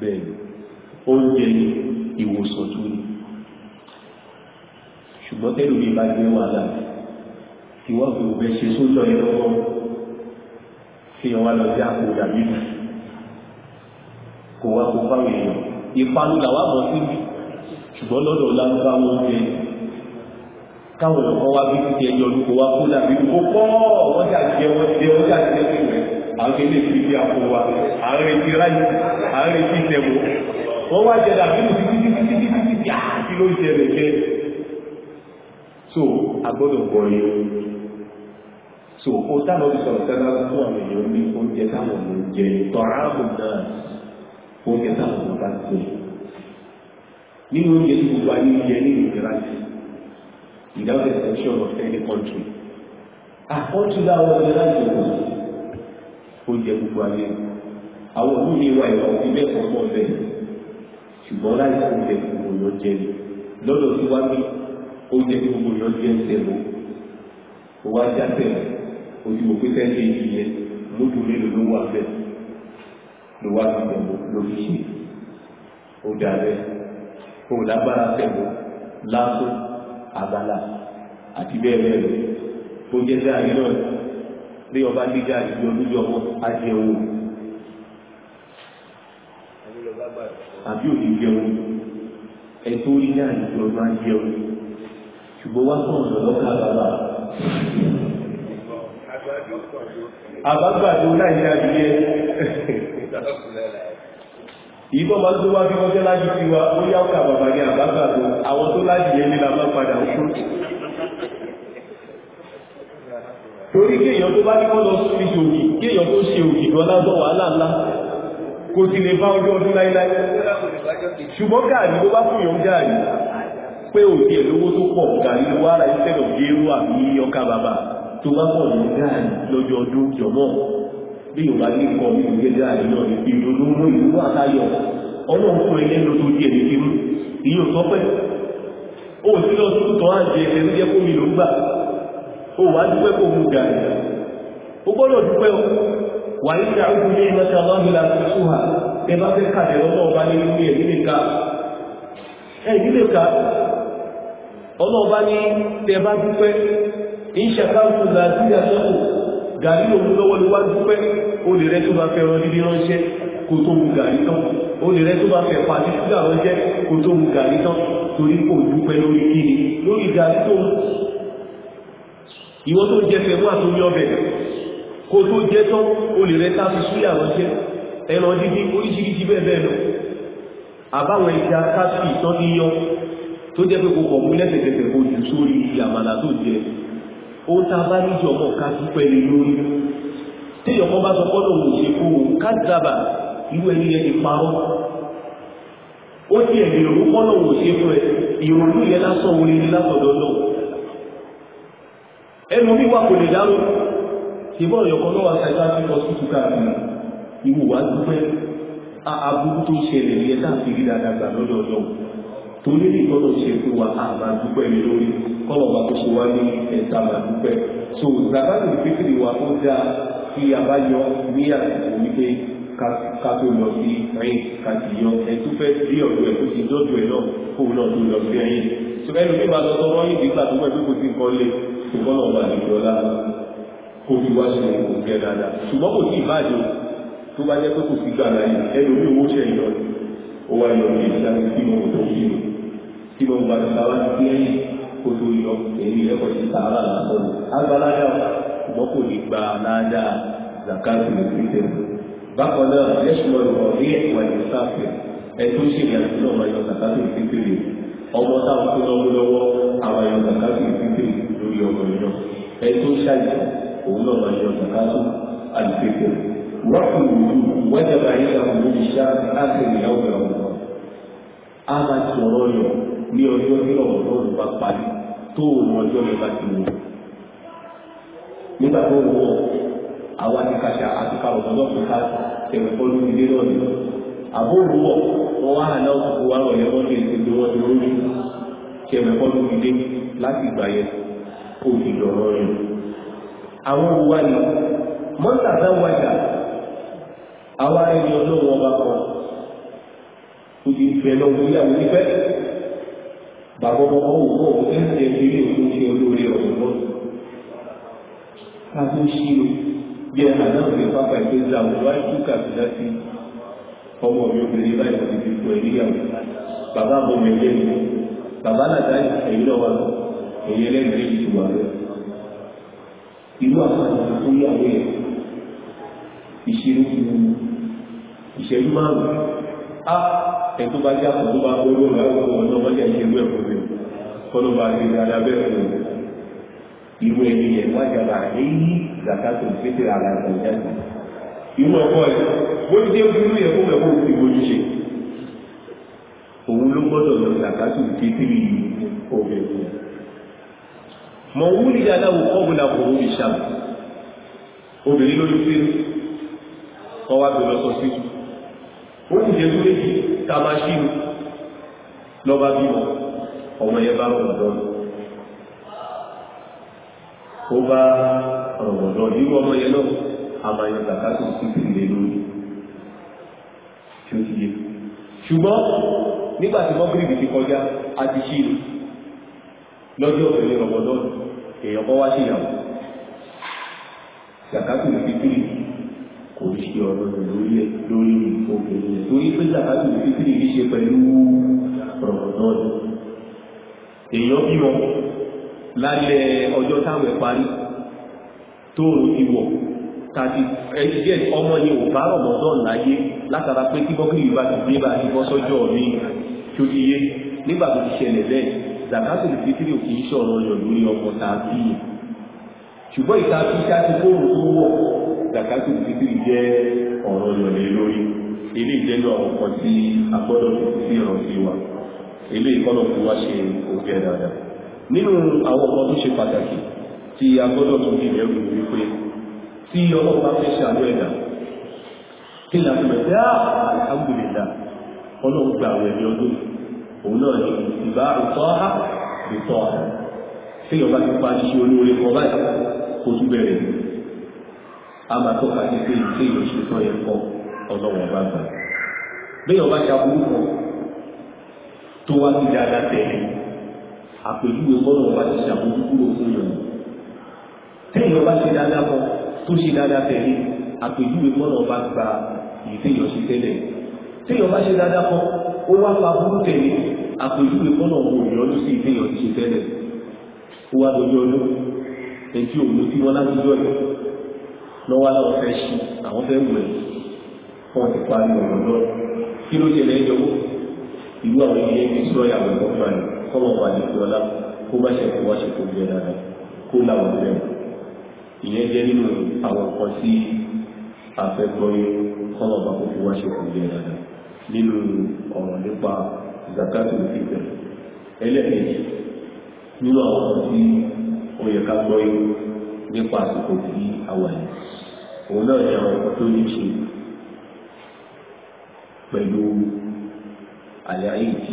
bẹ́ẹ̀ oúnjẹ ni ìwòsàn tó ní ṣùgbọ́n tẹ́lú mi bá gbé wàhálà ìwọ́pẹ̀ òbẹ̀ ṣe sójọ ìlọ́wọ́ fi hàn wá lọ sí àpò dàbí mi kò wá kó fáwọn èèyàn ìpanu làwọn àmọ́ sí ṣùgbọ́n lọ́dọ̀ ọ̀la ń bá wọn jẹ káwọn ọ̀kan wá bí ti ẹyọ olùkọ́ wá kó dàbí kó pọ́ wọ́n jà jẹ́ wọ́n jẹ́ wọ́n jà jẹ́ pé rẹ̀ àwọn ilé fi bí àpò wa àárẹ̀ ti ráyè àárẹ̀ ti tẹ̀wò wọ́n wá jẹ dàbí nù títí títí títí títí àti ló jẹ rẹ̀ jẹ́ so a gbọ́dọ̀ bọ̀ yìí so ó dáná ti sọ̀rọ̀ sẹ́nà fún àwọn èèyàn ní oúnjẹ táwọn ò ń jẹ tọ́ra ààbò náà oúnjẹ táwọn ò bá jẹ nínú oúnjẹ tí gbogbo ayé ń jẹ nínú ìgbéra jù without exception of any country. Àkọ́tù láwọn ọ̀dọ́ láti ọ̀dọ́ ó jẹ gbogbo ayé. Àwọn òbí mi wá ìwà òbí bẹ́ẹ̀ kọ́ pọ̀ bẹ́ẹ̀. Ṣùgbọ́n láì fún jẹ gbogbo yọ jẹ ni. Lọ́dọ̀ tí wá mi, ó jẹ gbogbo yọ jẹ ń tẹ̀lé. Ó wá já tẹ̀lé. Ojú òpin tẹ́lẹ̀ yìí yẹn lójú mélòó ló wà bẹ́ẹ̀. Ló wá fi tẹ̀lé ló fi ṣe. Ó dà bẹ́ẹ̀. Kò lágbára tẹ̀lé lásán abala àti bẹ́ẹ̀ bẹ́ẹ̀ lọ tó jẹ́ gàrí náà bí ọba ní gàrí bí ọdún jọ mọ́ ajẹun àbí òní jẹun ẹ̀tọ́ orí náà ní ọdún ajẹun ṣùgbọ́n wá kàn lọ́dọ̀ ká bàbá. àbágbàdo láì dájú yẹ ìbò máa ń tó wá bí wọ́n fẹ́ lájú sí wa ó yá ọ̀kà bàbá ní àbágbàdo àwọn tó lájú yẹn ní la máa padà ń kú. torí kéèyàn tó bá ní kọ́ lọ sí ìjòyè kéèyàn tó ṣe òkè lọ lábọ̀ wàhálà ńlá kò sì lè bá ọjọ́ ọdún láíláí. ṣùgbọ́n gàrí ló bá fún yàn gàrí pé òkè ẹ̀ lówó tó pọ̀ gàrí ló wá ara ìṣẹ̀lẹ̀ òjèrú àbí ọkà bàbá tó bá pọ̀ bí yorùbá ní nǹkan ní ìwé dáa ní ìdùnnú mú ọlọ́run fún ò sọ pé ó lọ sí àjẹ jẹ́ mi ló gbà ó dúpẹ́ kó ga ó gbọ́dọ̀ dúpẹ́ o wà ní fi sùn hà ẹ bá fẹ́ kàdé lọ́wọ́ ọba ní ìlú ẹ̀ nílé ka ẹ̀ nílé ka ọlọ́ọ̀bá ní tẹ bá dúpẹ́ gàrí lòun lọ́wọ́ ló wá dúpẹ́ ó lè rẹ tó bá fẹ́ rán dídí ránṣẹ́ kó tó mu gàrí tán ó lè rẹ tó bá fẹ́ pàdé sígà ránṣẹ́ kó tó mu gàrí tán torí kò dúpẹ́ lórí kíni lórí gàrí tó mu ìwọ tó jẹ fẹ́ mú àtòmí ọbẹ̀ kó tó jẹ tán ó lè rẹ tá a fi súyà ránṣẹ́ ẹran dídí oríṣiríṣi bẹ́ẹ̀ bẹ́ẹ̀ lọ àbáwọn ẹja káfí ìtọ́ níyan tó jẹ́ pé kò kọ̀ mú lẹ́sẹ̀kẹsẹ̀ kò jù sórí àmàlà tó jẹ ohun tá a bá ní jọmọ ká dúpẹ́ lé lórí téèyàn kan bá sọ pé lòun ò ṣe kó o ká dábà irú ẹni yẹn ti parọ́ ó ti ẹ̀mí òun kọ́ lòun ò ṣe fún ẹ ìrònú yẹn lásán òun ní látọ̀dọ̀ náà ẹnu mi wà kò lè dárò ṣùgbọ́n ìyọ̀kan náà wà ṣáájú àfihàn hospital káàkiri ìwò wá dúpẹ́ aburú tó ṣẹlẹ̀ yẹn tá rí dáadáa gbà torí ní ìtọ́tọ̀ ṣe fún wa àmà dúpẹ́ mi lórí kọ́lọ̀ bá tó ṣe wá ní ẹ̀ta àmà dúpẹ́ so zakatu fífìrì wa ó dáa kí a bá yọ ní àsìkò wípé ká tó lọ sí rìn ká sì yọ ẹ tó fẹ́ rí ọ̀dọ̀ ẹ̀ kó sì dọ́dọ̀ ẹ̀ náà kó náà tó lọ sí rìn so ẹnu mi máa lọ sọ wọ́n yìí nígbà tó pẹ́ pé kò sí nǹkan lé so kọ́lọ̀ bá lè yọ kó fi wá sí kò dáadáa ṣùgbọ́n kò sí ìbàjẹ́ tó bá jẹ́ pé kò sí gbàgbà yìí ẹnu mi ò wó ṣẹ̀yìn lọ ó wá yọ ní ìdájọ́ tí mo tó kí mi tí mo gbà tó bàbá ti kí ẹ̀yìn kó tó yọ èmi ẹ̀kọ́ ti ta ara làbọ̀ agbálájà ṣùgbọ́n kò lè gba aláàdá zakatu ìfìtẹ́ bákan náà yẹ́sùmọ̀ ìwọ̀n ní ẹ̀wà ìsáfẹ́ ẹ̀ tó ṣe ìyàtọ̀ náà máa yọ zakatu ìfìtẹ́ rẹ̀ ọmọ táwọn tó lọ́wọ́ lọ́wọ́ àwọn ayọ̀ zakatu ìfìtẹ́ lórí ọmọ ìyọ̀ ẹ̀ tó ṣàyẹ̀ òun náà máa yọ zakatu àdìfẹ́fẹ́ wọ́pọ̀ ìlú wọ́jọba yíyá òun àti àgbẹ̀yẹ̀wò ní ọjọ́ tí ọ̀rọ̀ lọ́rùn bá parí tó òun ọjọ́ yẹn bá ti wò. nígbà tó wọ àwa ti kàṣà àti kàrọ̀ lọ́dọ̀ fi ká tẹ̀wé fọ́lú ilé náà ni. àbó òun wọ̀ wọ́n wá àná òkú wa rọ̀ yẹn wọ́n ti ti di wọ́n ti lórí tẹ̀wé fọ́lú ilé láti ìgbà yẹn kó o ti dọ̀rọ̀ rẹ̀. àwọn òwúwa ni mọ́tà bá wájà àwa ẹni ọlọ́run ọba kan kò ti fẹ́ lọ́wọ́ ìyàwó nífẹ̀ẹ́ bàbá ọmọ owó owó ẹsẹ̀ ìrírí òun ṣe olóore ọ̀dọ̀ lọ. ká tó ṣí o bí ẹ hàn náà lè pápá ìgbé ńlá òun wáyé tó kàbí láti ọmọ mi obìnrin báyìí ti fi fún ẹ níyàwó bàbá àbọ̀ mi lé mi bàbá nàdá ẹ̀yìn náà wà ẹ̀yìn ẹlẹ́gbẹ̀ẹ́ yìí ti wà lọ. irú àwọn tó yàwó yẹ ìṣirò ìṣẹ́jú márùn-ún ẹni tó bá jẹ́ àpò tó bá gbóró rẹ̀ àwọn ọmọ náà wọ́n jẹ́ ṣe irú ẹ̀kọ́ rẹ̀ kọ́nà bá rí rẹ̀ alábẹ́rẹ̀ rẹ̀ irú ẹni yẹn wá jàmbá èyí zakato pété ara rẹ̀ jáde irú ọkọ ẹ̀ bó ti dé irú yẹn fún ẹ̀kọ́ òfin bójú ṣe òun ló gbọ́dọ̀ lọ zakato pété obìnrin mọ̀ wúlì dáadáa wò kọ́ bùnà kò wúlì sábà obìnrin lórí fíìmù kọ́ wá bẹ̀rẹ̀ sọ sí ó ti jẹ́ tó tamashiru lọ́ba bímọ ọmọ yẹn bá rọ̀mọ̀dọ́nù ó bá rọ̀mọ̀dọ́nù irú ọmọ yẹn náà a máa yan zakatu fífi lè lórí tí ó ti yé ṣùgbọ́n nígbà tí ti kọjá a ti ṣírò lọ́jọ́ òfin rọ̀mọ̀dọ́nù èèyàn kọ́ wá síyàwó zakatu lè ọ̀rọ̀ rẹ̀ lórí ẹ̀ lórí obìnrin rẹ̀ torí pé zakatu fitiri ní ṣe pẹ̀lú rọ̀mọ̀dọ́ọ̀dù èèyàn bímọ lálẹ́ ọjọ́ táwọn ẹ̀ parí tóòrùn ti wọ̀ tàbí ẹgbẹ́ ọmọ ni ò bá rọ̀mọ̀dọ́ọ̀dù láyé látara pé tí bọ́kìlì bá ti gbé bá ti bọ́ sọ́jọ́ mi tó ti yé nígbà tó ti ṣẹlẹ̀ bẹ́ẹ̀ zakatu fitiri ò kì í ṣọ̀rọ̀ ọ̀yọ̀ lórí ọkọ̀ tàbí ṣùgbọ́n ìta fi ṣáà ti kóòrùn tó wọ̀ zakatu fitri jẹ́ ọ̀rọ̀ yọ̀lẹ̀ lórí ilé ìjẹ́lú àwọn kan tí a gbọ́dọ̀ fi ràn sí wa ilé ìkọ́nà fún wa ṣe òkè dáadáa nínú àwọn ọmọ tó ṣe pàtàkì tí a gbọ́dọ̀ tún fi lẹ́rù wípé tí ọmọ bá fẹ́ ṣàánú ẹ̀dá kí la fi mẹ́ta ah, alhamdulilá ọlọ́run gba àwọn ẹ̀mí ọdún òun náà ni ìbá ìtọ́ á ìtọ́ á tí ọba ti pa ṣíṣe olóore kan báyìí kó tún bẹ̀rẹ̀ àmà tó bá ti pé ìṣe ìyọ̀ṣe tó yẹ kọ́ ọlọ́wọ́ bá gbà. bẹ́ẹ̀ ọba ti aburú kan tó wá sí dáadáa tẹ̀lé àpèjúwe bọ́lọ̀ ọba ti ṣàbójú kúrò fún yàn. tẹ́yìn ọba ti dáadáa kan tó ṣe dáadáa tẹ̀lé àpèjúwe bọ́lọ̀ ọba gba ìṣe ìyọ̀ṣe tẹ́lẹ̀. tẹ́yìn ọba ṣe dáadáa kan ó wá pa burú tẹ̀lé àpèjúwe bọ́lọ̀ ọba òyìnbó sí ìṣe ìyọ̀ṣe tẹ́lẹ̀. ó wá dojú ọdún lọ́wọ́ aláwọ̀ fẹ́ ṣí àwọn fẹ́ wẹ̀ wọ́n ti parí ọ̀rọ̀ lọ kí ló ṣẹlẹ̀ ẹjọ́wọ́ ìlú àwọn ilé ẹni sọ ìyàwó ẹ̀kọ́ fún mi kọ́mọ wà ní ìfọlá kó má ṣe kó wá ṣe kó bí ẹ dára kó láwọn ilé ìyẹn jẹ́ nínú àwọn nǹkan tí afẹ́gbọ́yé kọ́mọ bá kó fi wá ṣe kó bí ẹ dára nínú ọ̀rọ̀ nípa zakatu fífẹ́ ẹlẹ́ẹ̀kejì nínú àwọn nǹkan tí ó yẹ ká gbọ́yé nípa àsìkò tí a wà yìí òun náà ní àwọn nǹkan tó ní ṣe pẹ̀lú àyà ìdí.